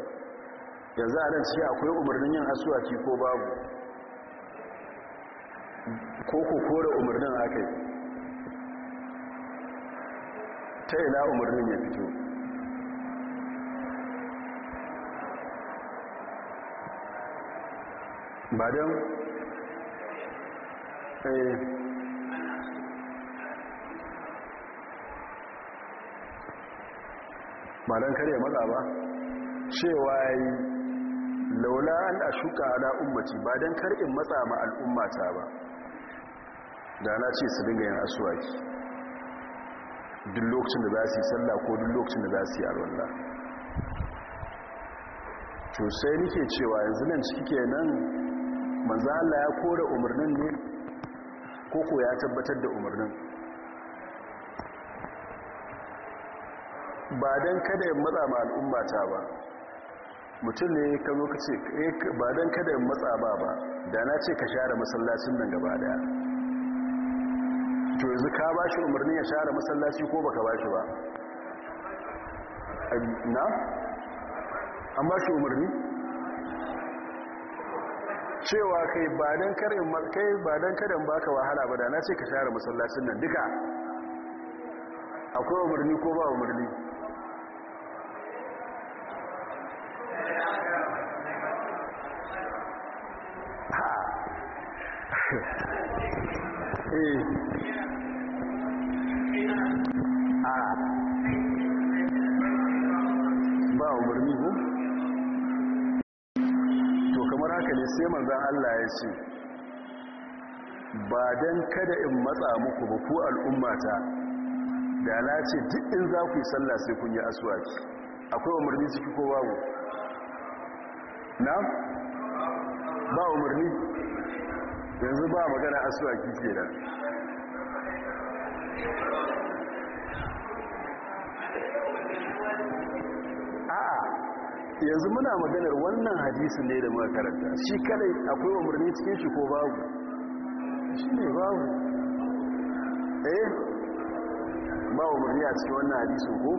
yanzu a nan ce akwai umarnin yin asuwaki ko babu ko ku kore umarnin aka yi ta ina umarnin ya fito ba don Eh. ba don kare maza ba cewa yi laula an a shuka ala umarci ba don karin matsa ma al'ummata ba da na ce su dinga yin asuwaki duk lokacin da za su yi sallah ko duk lokacin da za su yi alwalla to nike cewa yanzu nan ciki kenan manzo Allah ya kore umarnin ne koko ya tabbatar da umarnin ba don kada yin matsa ma al'ummata ba mutum ne ka zo ka ce eh, ba don kada yin matsa ba ba da na ce ka share masallacin nan gaba daya to yanzu ka ba shi umarni ya share masallaci ko baka ba shi ba na an ba shi umarni cewa kai ba dan karin kai ba dan karin baka wahala ba da na ce ka share masallacin nan duka akwai umarni ko ba umarni manzan Allah ya ce ba don kada in matsa muku ba ku al'ummata da lace duk in za ku yi sallah sai kun yi aswaki akwai umarni ciki ko babu na ba umarni yanzu ba magana aswaki ke da yanzu muna maganar wannan hadisin ne da makaranta shi kadai akwai umarni cikin shi ko babu shi ne babu eh ba umarni a cikin wannan hadisin ko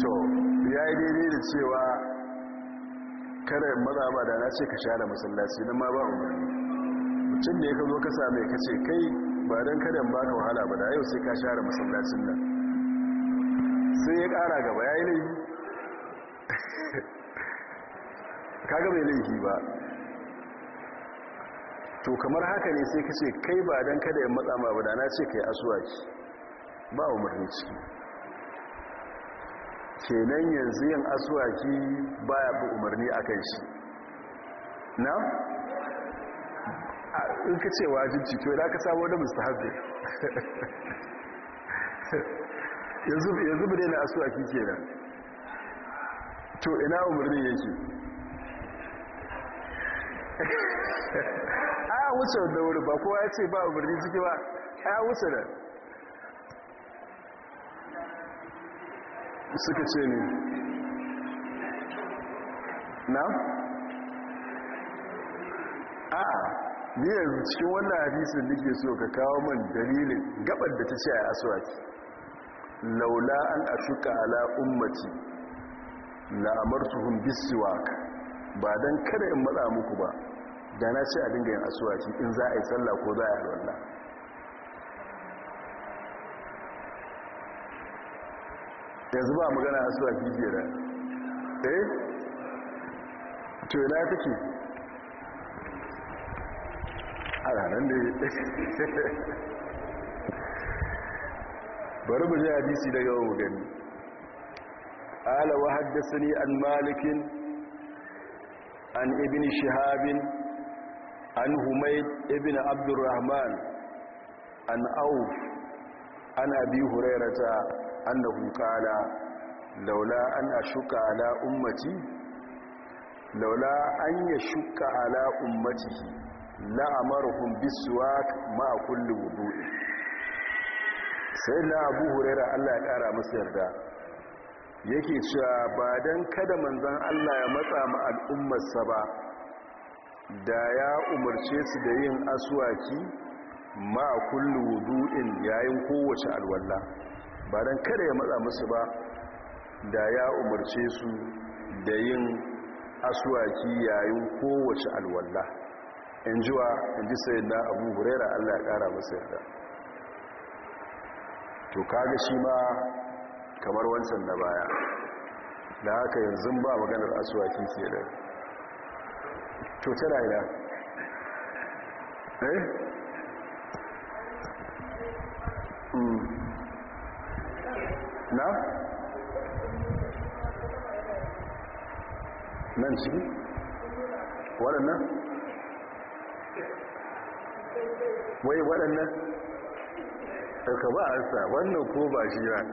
to ya yi daidai da cewa kare maza ba da na ce ka share masallaci na ma ba umarni mutum da ya ka zo ka same ka ce kai ba don karen ba ka wahala ba da yau sai ka share masallacin nan sai ya kara gaba ya yi laifi kaga bai laifi ba to kamar haka ne sai kace kai ba dan kada ya matsa ma ba na ce kai ce ba umarni ciki nan yanzu yin ba ya fi umarni a kan shi na in ka ce wajen to da ka samu wani haɗe <laughs> yanzu bude na ke nan to ina umarni yake <laughs> a wuce da wuri ba kowa ya ce ba umarni ciki ba a wuce da suka ce ne na? a ni yanzu cikin wannan hadisun da ke so ka kawo man dalilin gabar da ta ce a aswaki laula an ashuka ala ummati la'amartuhum bisiwak ba dan kada in matsa muku ba da na ce a dinga yin asuwaci in za a yi sallah ko za a yi wallah yanzu ba magana asuwaki da. eh to na kake a ranar da ya <laughs> bari mu ji hadisi daga wani gani قال وحدثني عن مالك عن ابن شهاب عن هميد ابن عبد الرحمن عن أوف عن أبي هريرة أنه قال لولا أن أشك على أمتي لولا أن يشك على أمته لأمرهم بالسواك مع كل وضوء سيدنا أبو هريرة الله يقرأ مسير ده yake cewa ba don kada manzan Allah ya matsa ma al'ummarsa ba da ya umarce su da yin asuwaki ma a kullu wudu'in yayin kowace alwalla ba don kada ya matsa musu ba da ya umarce su da yin asuwaki yayin kowace alwalla in jiwa in ji sayi na abu hurera Allah ya ƙara masu yarda to kaga shi ma kamar wancan na baya da haka yanzu ba maganar asuwaki ke da to tana ina eh hmm. na nan shi? waɗannan wai waɗannan ɗauka ba a sa wannan ko ba shi ba <laughs>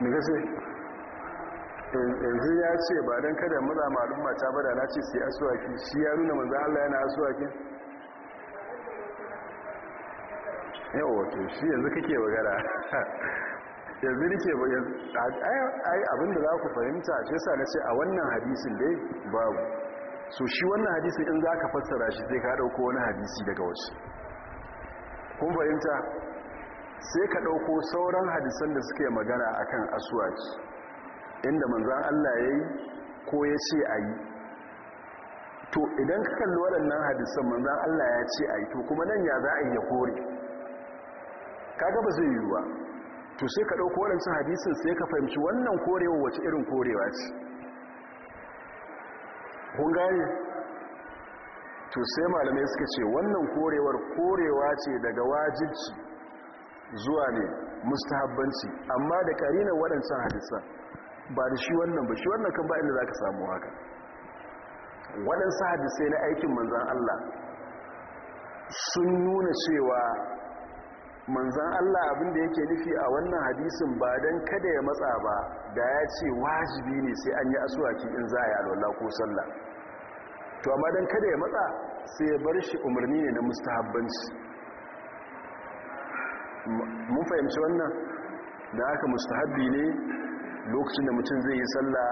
daga sai yanzu ya ce ba don kada maza malum mata ba da na ce su yi asuwaki shi ya nuna manzan Allah yana asuwaki yau wato shi yanzu kake bagara <laughs> yanzu ke ai abinda za ku fahimta shi yasa na ce a wannan hadisin dai babu so shi wannan hadisin in za ka fassara shi sai ka ɗauko wani hadisi daga wasu kun fahimta sai ka ɗauko sauran hadisan da suke magana akan asuwaci, inda manzan Allah ya yi ko ya ce a yi to idan ka kalli waɗannan hadisan manzan Allah ya ce a yi to kuma nan ya za a yi ya kore Ka gaba zai yi to sai ka ɗauko waɗansu hadisin sai ka fahimci wannan korewa wace irin korewa ce kun gane to sai malamai suka ce wannan korewar korewa ce daga wajibci zuwa ne mustahabbanci amma da karinan waɗancan hadisan ba da shi wannan ba shi wannan kan ba inda za ka samu haka waɗansa hadisai na aikin manzan Allah sun nuna cewa manzan Allah abinda yake nufi a wannan hadisin ba don kada ya matsa ba da ya ce wajibi ne sai an yi asuwaki in za a yi alwala ko sallah to amma don kada ya matsa sai ya bar shi umarni ne na mustahabbanci mun fahimci wannan da haka mustahabbi ne lokacin da mutum zai yi sallah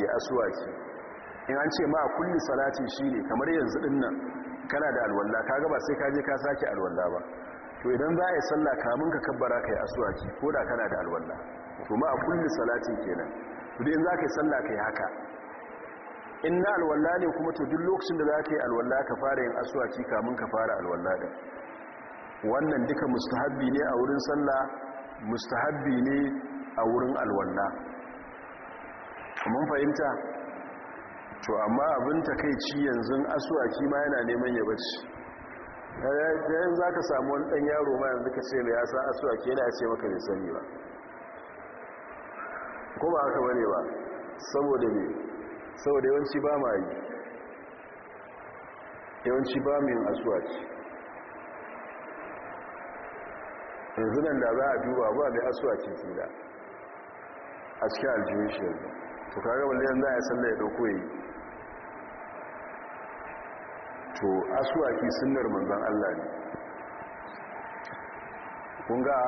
ya asuwaki. in an ce ma a kulli salati ne kamar yanzu din nan kana da alwalla ka gaba sai ka je ka sake alwalla ba to idan za a yi sallah kamun ka kabbara ka yi aswaki ko da kana da alwalla to ma a kulli salatin kenan to din za ka yi ka kai haka in na alwalla ne kuma to duk lokacin da za ka yi alwalla ka fara yin aswaki kamun ka fara alwalla din wannan duka mustahabbi ne a wurin sallah mustahabbi ne a wurin alwanna. mun fahimta to amma abin takaici yanzu asu a kima yana neman ya bace eh, yayin za ka samu wani ɗan yaro ma yanzu ka ce da ya sa asu a ke yana ce maka bai sani ba ko ba haka bane ba saboda ne saboda yawanci ba ma yi yawanci ba mu yin asuwaci yanzu nan da za a duba ba mai asu a cikin tsira a cikin aljihun shi yanzu to kaga balle yanzu a yi sallah ya dauko yi to asuwaki sunar manzan Allah ne kunga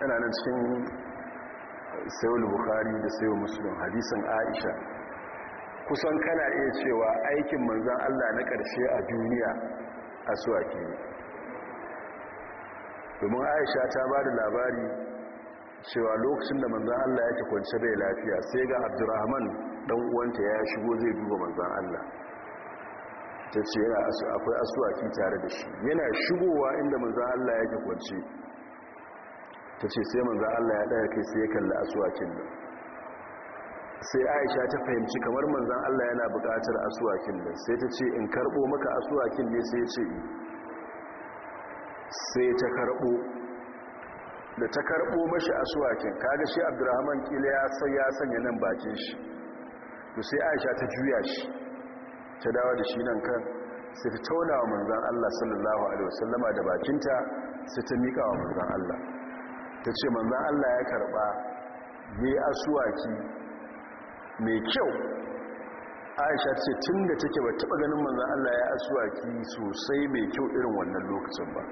yana nan cikin sayul bukhari da sayul Musulun. Hadisan aisha kusan kana iya cewa aikin manzan Allah na ƙarshe a duniya asuwaki ne domin aisha ta ba da labari cewa lokacin da manzan allah yake kwance bai lafiya sai ga abdurrahman dan uwanta ya shigo zai duba manzan allah ta ce akwai asuwaki tare da shi yana shigowa inda manzan allah yake kwance ta ce sai manzan allah ya daga kai sai ya kalli asuwakin nan sai aisha ta fahimci kamar manzan allah yana buƙatar asuwakin nan sai ta ce in karɓo maka asuwakin ne sai ya ce eh. sai ta karɓo da ta karɓo mashi asuwakin kaga shi abdurrahman kila ya san ya sanya nan bakin shi to sai aisha ta juya shi ta dawo da shi nan kan sai ta tauna wa manzan allah sallallahu alaihi wasallama da bakinta sai ta mika wa manzan allah ta ce manzan allah ya karɓa ya asuwaki mai kyau aisha ce tun da take ba taba ganin manzan allah ya asuwaki sosai mai kyau irin wannan lokacin ba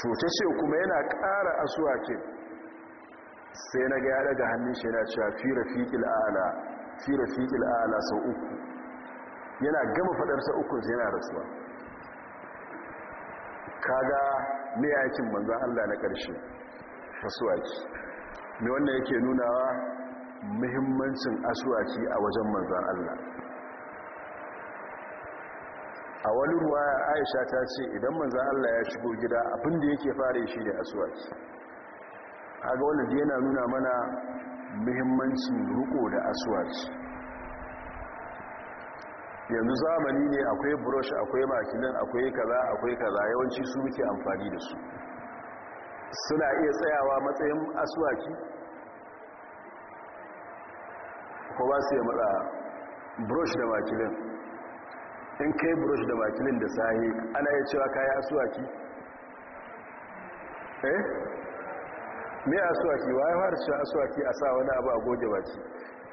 to ce kuma yana ƙara asuwakin sai na ga ya daga hannun shi yana cewa fi rafiqil ala fi ala sau uku yana gama faɗar sa uku sai yana rasuwa kaga me yakin manzan Allah na ƙarshe asuwaki me wannan yake nunawa muhimmancin asuwaci a wajen manzan Allah a wani ruwa aisha ta ce idan manzan allah ya shigo gida abinda yake fara shi ne asuwaki a ga wanda yana nuna mana muhimmancin riko da asuwaki yanzu zamani ne akwai brush akwai makilin akwai kaza akwai kaza yawanci su muke amfani da su suna iya tsayawa matsayin aswaki. ko ba su yi matsa brush da makilin in kai brush da bakilin da sahi ana yi cewa kayi asuwaki eh me asuwaki wa ya fara cewa asuwaki a sa wani abu a goge baki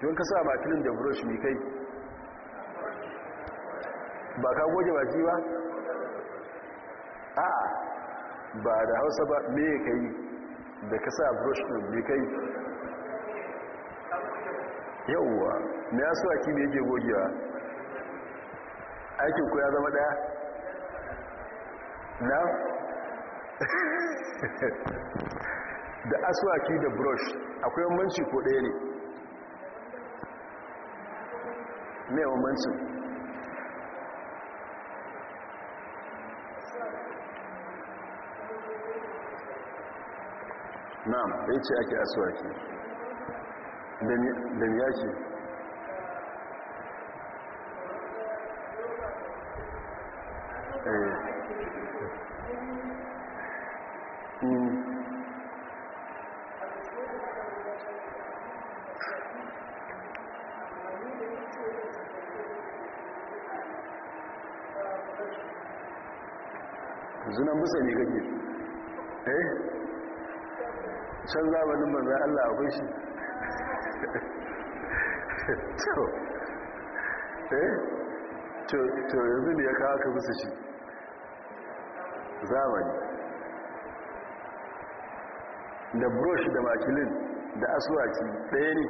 don ka sa bakilin da brush mai kai ba ka goge baki ba a ba da hausa ba me kai da ka sa brush mai kai yauwa me asuwaki me yake gogewa aikin ku ya zama daya na da aswaki da brush akwai yammanci ko ɗaya ne mai yammancin na ya ce ake aswaki da ni zunan bisa ne kake eh can zamanin manza Allah akwai shi <laughs> to eh to yanzu ne ya kawo ka bisa shi zamani da brush da makilin da asuwaki ɗaya ne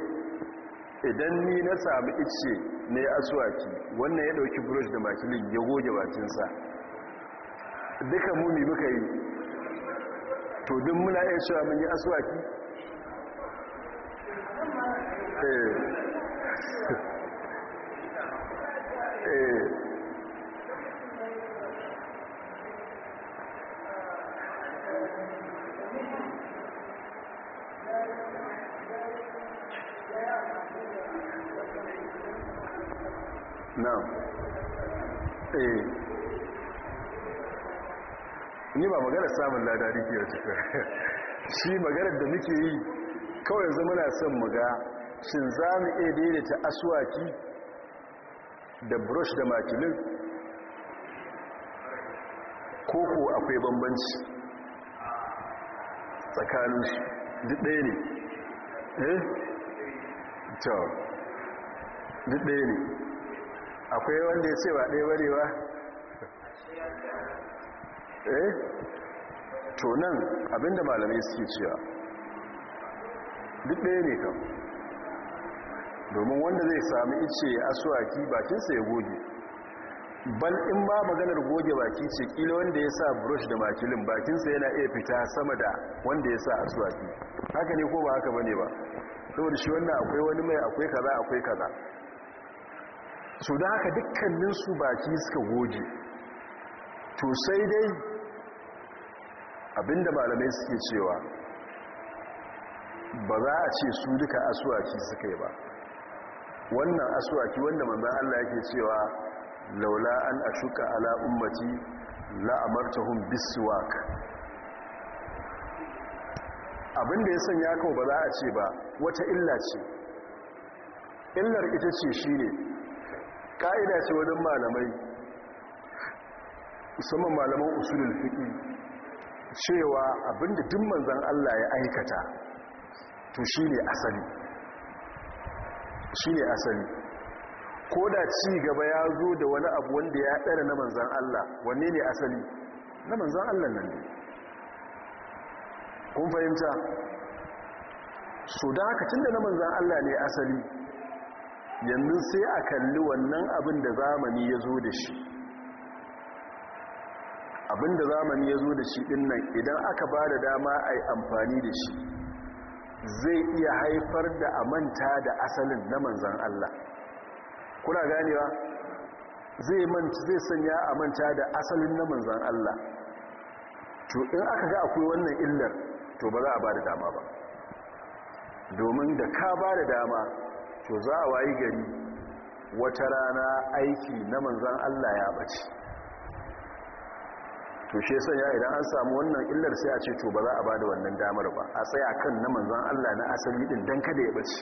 idan ni na sami ice na yi asuwaki wannan ya ɗauki brush da makilin ya goge bakinsa duka mumi muka yi to duk muna iya cewa mun yi aswaki eh daɗi a cikin shi maganar da muke yi kawai zama muna son muga shin za mu iya daidaita asuwaki da brush da makilin koko akwai bambanci tsakanin su duk ɗaya ne eh? cewa duk ɗaya ne akwai wanda ya ce ba ɗaya barewa eh? to nan abinda malamai suke cewa duk ɗaya ne kan domin wanda zai sami ice asuwaki bakinsa ya goge bal in ba maganar goge baki ce kila wanda ya sa brush da makilin bakinsa yana iya fita sama da wanda ya sa asuwaki haka ne ko ba haka bane ba saboda shi wannan akwai wani mai akwai kaza akwai kaza su da haka dukkaninsu baki suka goge to sai dai abinda malamai suke cewa ba za a ce su duka asuwaki suka yi ba wannan asuwaki wanda manzan Allah yake cewa laula an shuka ala ummati la'amartahum biswak abinda ya sanya kawo ba za a ce ba wata illa ce illar ita ce shi ne. ka'ida ce wajen malamai musamman malaman usulul fiƙi cewa abinda duk manzan Allah ya aikata to shi ne asali shi ne asali ko da ci gaba ya zo da wani abu wanda ya ɗara na manzan Allah wanne ne asali na manzan Allah nan ne kun fahimta so da haka tun da na manzan Allah ne asali yanzu sai a kalli wannan abin da zamani ya zo da shi abinda zamani ya zo da shi din nan idan aka ba da dama a yi amfani da shi zai iya haifar da a manta da asalin na manzan Allah kuna ganewa zai zai sanya a manta da asalin na manzan Allah to in aka ga akwai wannan illar to ba za a ba da dama ba domin da ka ba da dama to za a wayi gari wata rana aiki na manzan Allah ya bace to shi sanya idan an samu wannan illar sai a ce to ba za a bada wannan damar ba a tsaya kan na manzon Allah na asali din dan kada ya bace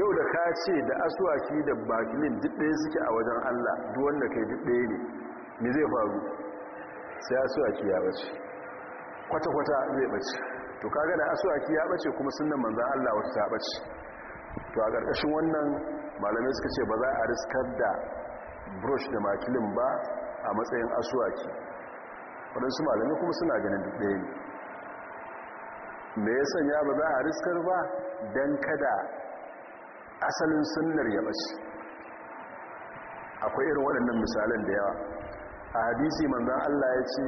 yau da ka ce da aswaki da bakilin duk ɗaya suke a wajen Allah duk wanda kai duk ɗaya ne me zai faru sai aswaki ya bace kwata kwata zai bace to kaga da aswaki ya bace kuma sunnan manzon Allah wata ta bace to a ƙarƙashin wannan malamai suka ce ba za a riskar da brush da makilin ba a matsayin asuwaki waɗansu malamai kuma suna ganin duk ɗaya ne me ya sanya ba za a riskar ba don kada asalin sunnar ya ɓace akwai irin waɗannan misalan da yawa a hadisi manzan Allah ya ce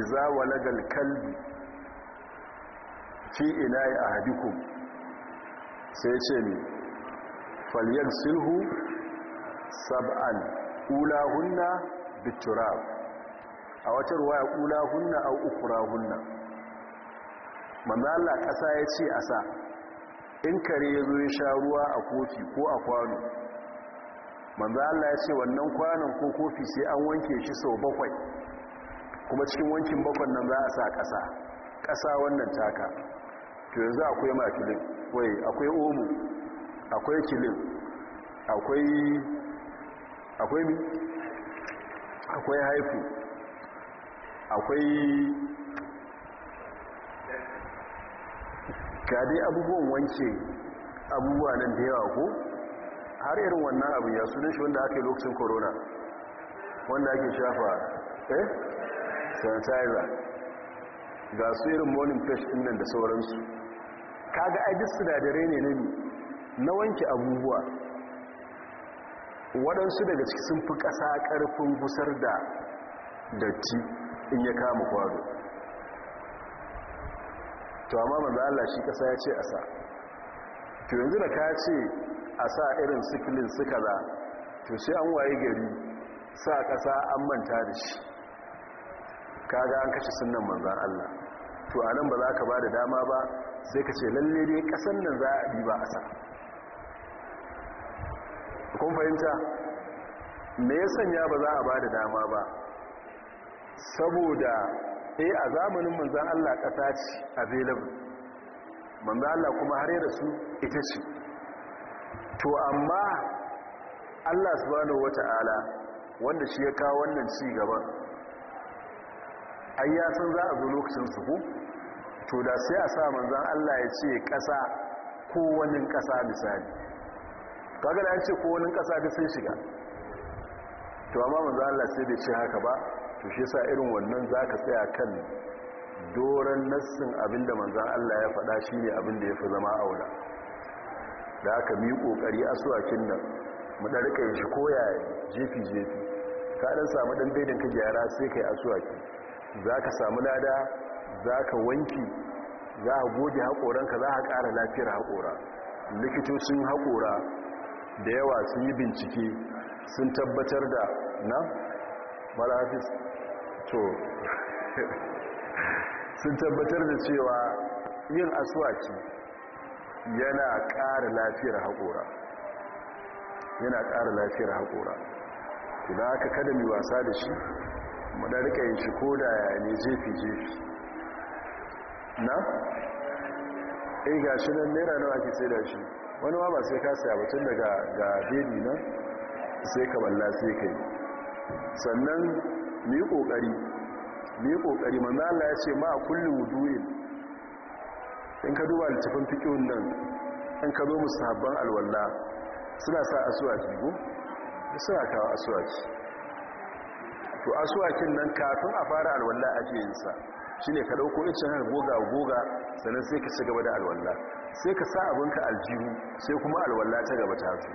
iza walagal kalbi fi ina a hadiku sai ce ne falyar silhu sab'an hunna bitturab a wata ruwa ya kula hunna au ukura hunna manzo Allah kasa ya ce a sa in kare ya zo ya sha ruwa a kofi ko a kwano manzo Allah ya ce wannan kwanon ko kofi sai an wanke shi sau bakwai kuma cikin wankin bakwai nan za a sa kasa kasa wannan taka to yanzu akwai makilin wai akwai omo akwai kilin akwai akwai mi akwai haiku akwai gade abubuwan wanke abubuwa nan da yawa ko har irin wannan abu ya sunan shi wanda aka yi lokacin corona wanda ake shafa eh sanitizer ga su irin morning fresh din nan da sauransu kaga ai duk sinadarai ne ne na wanke abubuwa waɗansu daga ciki sun fi ƙasa ƙarfin gusar da datti in ya kama kwaro. to amma manzo Allah shi ƙasa ya ce a sa to yanzu da ka ce a sa irin sikilin suka za, to sai an waye gari sa ƙasa an manta da shi kaga an kashe sunan manzan Allah to anan ba za ka ba da dama ba sai ka ce lalle dai ƙasan nan za a ba a sa kun fahimta me ya sanya ba za a ba da dama ba saboda e a zamanin manzan Allah ƙasa ce available manzan Allah kuma har da su ita ce to amma Allah su bane wata'ala wanda shi ya kawo wannan ci gaban ai ya san za a zo lokacin su ku to da sai a sa manzan Allah ya ce ƙasa ko wani ƙasa misali kaga da an ce ko wani kasa da sai shiga to amma manzo Allah sai da shi haka ba to shi yasa irin wannan zaka tsaya kan doran nassin abinda manzo Allah ya faɗa shine abinda yafi zama aula da aka mi kokari asuwakin nan mu da rike shi koya jefi jefi ka dan samu dan daidan ka gyara sai kai asuwaki zaka samu lada zaka wanki za a goge haƙoranka za a ƙara lafiyar haƙora likitocin haƙora da yawa sun yi bincike sun tabbatar da na marafis to <laughs> sun tabbatar da cewa yin aswaki yana ƙara lafiyar haƙora yana ƙara lafiyar haƙora idan aka kada mai wasa da shi madarika yin shi ko da ne jefi-jefi na? Eh, ga shi nan naira nawa ke sai da shi wani ma ba sai ka saya batun daga ga bebi nan sai ka balla sai ka yi sannan mu yi ƙoƙari mu yi ƙoƙari manzan ya ce ma a kulle wuduwe in ka duba littafin fikihun nan in ka zo musu habban alwalla suna sa asuwaci ko suna kawo asuwaci to asuwakin nan kafin a fara alwalla ake yinsa shi ne ka ɗauko icen har goga goga sannan sai ka ci gaba da alwalla sai ka sa abinka aljihu sai kuma alwalla ta gaba ta zo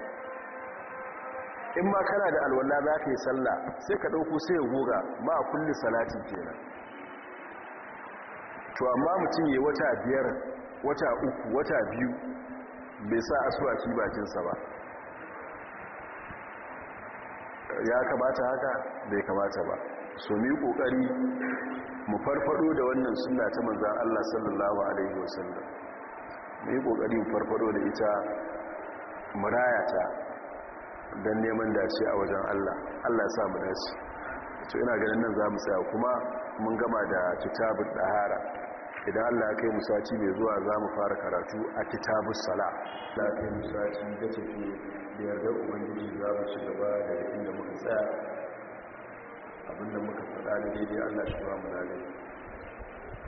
in ma kana da alwalla za ka yi sallah sai ka ɗauko sai ya goga ma a kulle salatin kenan to amma mutum ya wata biyar wata uku wata biyu bai sa asuwaki bakinsa ba ya kamata haka bai kamata ba so mu yi kokari mu farfado da wannan sunna ta manzon Allah sallallahu alaihi wasallam mu yi kokari mu farfado da ita mu rayata dan neman dace a wajen Allah Allah ya sa mu dace to ina ganin nan za mu tsaya kuma mun gama da kitabul dahara idan Allah ya kai mu sati mai zuwa za mu fara karatu a kitabul sala za kai mu sati da take da yarda ubangiji za mu ci gaba daga inda muka tsaya abinda muka faɗa da daidai allah shi ba mu lalai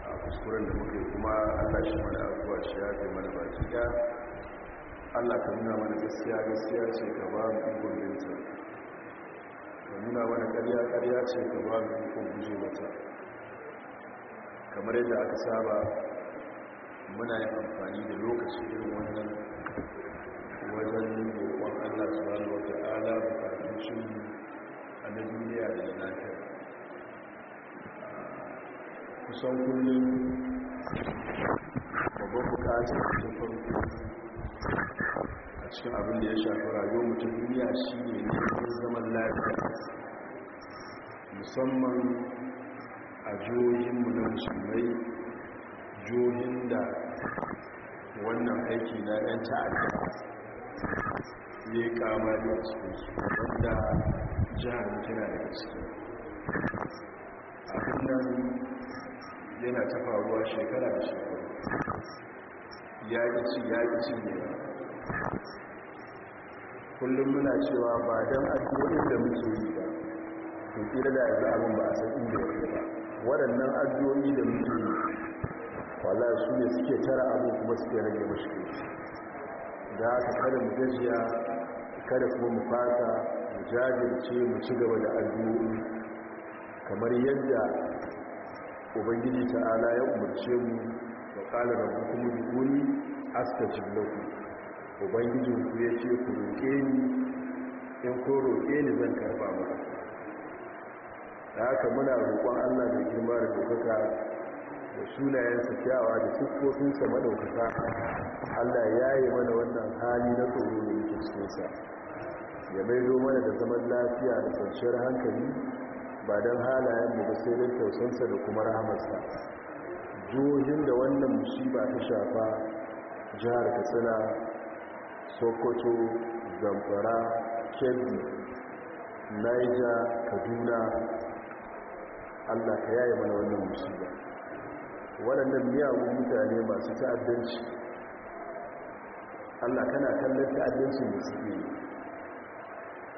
a kuskuren da muka yi kuma allah shi mana abuwa shi ya fi mana baki ɗaya allah ka nuna mana gaskiya gaskiya ce ka ba mu ikon binta ka nuna mana ƙarya ƙarya ce ka ba mu ikon guje mata kamar yadda aka saba muna yin amfani da lokaci irin wannan wajen wa allah subhanahu wa ta'ala bukatun shi na duniya da lafiya kusan kullum babban bukatar cikin farko a cikin abin da ya shafi rayuwar mutum duniya shi ne neman zaman lafiya musamman a jihohinmu na musulmai jihohin da wannan aiki na 'yan ta'adda ne kama da su wanda jihar tana da gaske abin nan yana ta faruwa shekara da shekaru ya ya ci kullum muna cewa ba don addu'o'in da muke yi ba to kira da yanzu abin ba a san inda ya ba waɗannan addu'o'i da muke yi wala su ne suke tara abu kuma suke rage mashi da haka kada mu gajiya kada kuma mu fata jajirce mu ci gaba da addu'o'i kamar yadda ubangiji ta'ala ya umarce mu wa qala rabbukum ud'uni astajib lakum ubangiji ku yace ku roke ni in ko roke ni zan karba ba. da haka muna roƙon Allah da girma da dokaka da sunayensa kyawa da siffofinsa madaukaka Allah ya yi mana wannan hali na tsoro da yake cikinsa ya zo mana da zaman lafiya da sanciyar hankali ba don halayen ba sai don tausansa da kuma rahamarsa jihohin da wannan ba ta shafa jihar katsina sokoto zamfara kebbi naija kaduna allah ka yaya mana wannan musiba waɗannan miyagun mutane masu ta'addanci allah kana kallon ta'addancin da suke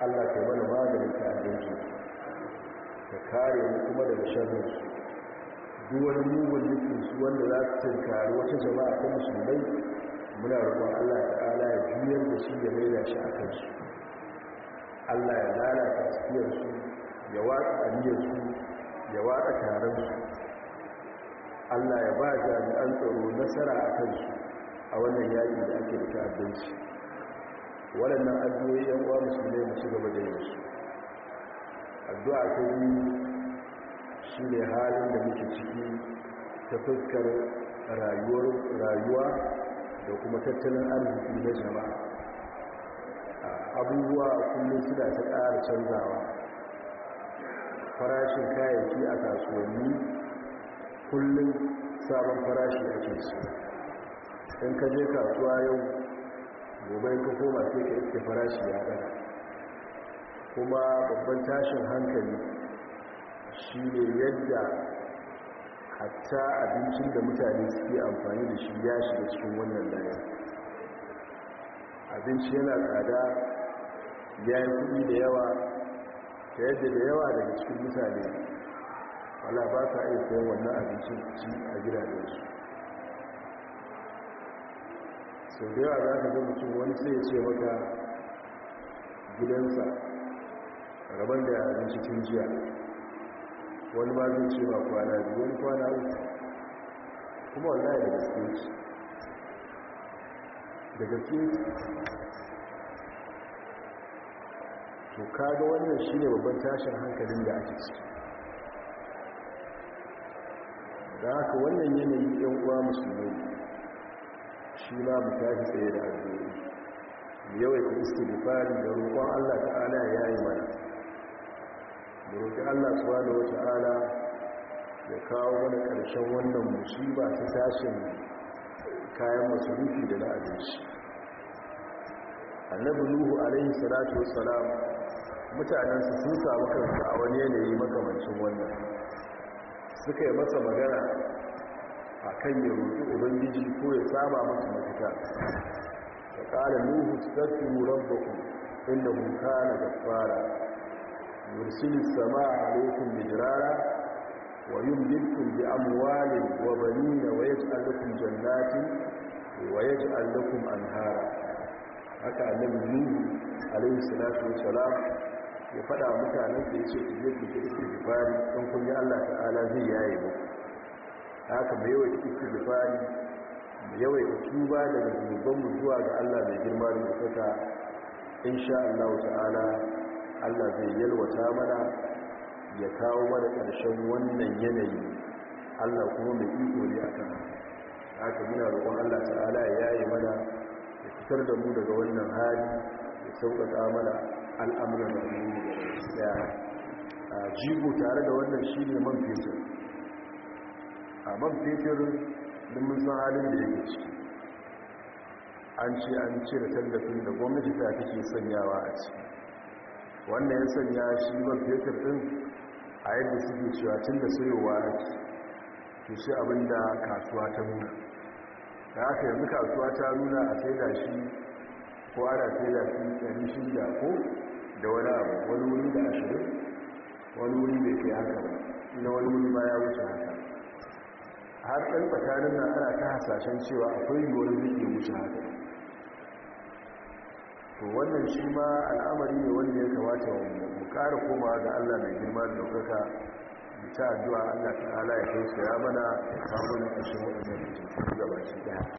allah kai mana maganin abinci ka kare mu kuma da daga sharrinsu duk wani mugun su wanda za su tunkari wata jama'a ta musulmai muna rukun allah ta'ala ya juyar da su ya maida shi a kansu allah ya lalata tafiyarsu ya watsa aniyarsu ya watsa su. allah ya ba jami'an tsaro nasara a kansu a wannan yaƙi da ake da ta abinci. waɗannan addu'o'i yan ƙwa musulmai mu ci gaba da yin su addu'a ta yi shi ne halin da muke ciki ta fuskar rayuwa da kuma tattalin arziki na jama'a abubuwa kullum suna ta ƙara canzawa farashin kayayyaki a kasuwanni kullum sabon farashi ake su ɗan ka je kasuwa yau gobe ka koma sai ka iske farashi ya ɗaga kuma babban tashin hankali shi ne yadda hatta abincin da mutane suke amfani da shi ya shiga cikin wannan layin abinci yana tsada ya yi kuɗi da yawa ta yadda da yawa daga cikin mutane wala ba sa iya sayan wannan abincin ci a gidajensu sau da yawa za ka ga mutum wani sai ce maka gidansa rabar da ya cikin jiya wani ba zai ce ba kwana biyu wani kwana uku kuma wallahi da gaske Daga da gaske to kaga wannan shi ne babban tashin hankalin da ake ciki da haka wannan yanayi yan uwa musulmi shi ma mu tafi tsaye da addu'o'i mu yawaita istighfari da roƙon Allah ta'ala ya yi mana mu roƙi Allah wata ala ya kawo mana ƙarshen wannan ba ta sashen kayan masarufi da na annabi nuhu alaihi salatu wassalam mutanensu sun samu kansa a wani yanayi makamancin wannan suka yi masa magana kan ya roƙi ubangiji ko ya saba masa mafita da ƙara nuhu wurin rabbaku inda hunka na fara yursil sama alaikum bijirara wa yumdidkum bi amwalin wa banina wa yaj'al lakum jannatin wa yaj'al lakum anhara haka annabi nuhu alaihi salatu wa salam ya faɗa mutanen da ya ce su je su ke istighfari don kun Allah ta'ala zai yaye muku haka mai cikin istighfari mai yawai tuba daga zunuban mu zuwa ga Allah mai girma da ɗaukaka insha Allah ta'ala Allah zai yalwata mana ya kawo mana ƙarshen wannan yanayi Allah kuma mai iko ne a kan haka muna roƙon Allah ta'ala ya yaye mana ya fitar da mu daga wannan hali ya sauƙaƙa mana al'amuran da mu da jigo tare da wannan shi ne man fetur a man fetur don mun san halin da yake ciki an ce an ce da tallafin da gwamnati ta take sanyawa a ciki wannan ya sanya shi ban fetur din a yadda suke cewa tun da sayowa ciki, to sai da kasuwa ta nuna da aka yanzu kasuwa ta nuna a saida shi ko ana saida shi shida ko da wani abu wani wuri da ashirin wani wuri bai kai haka ba na wani wuri ma ya wuce haka har ɗan tsakanin na ana ta hasashen cewa akwai yiwuwar zuke wuce haka to wannan shi ma al'amari ne wanda ya kamata mu ƙara koma ga allah mai girma da ɗaukaka mu ta addu'a allah ala ya kai su ya mana ya samu waɗannan mutum gaba shi ɗaya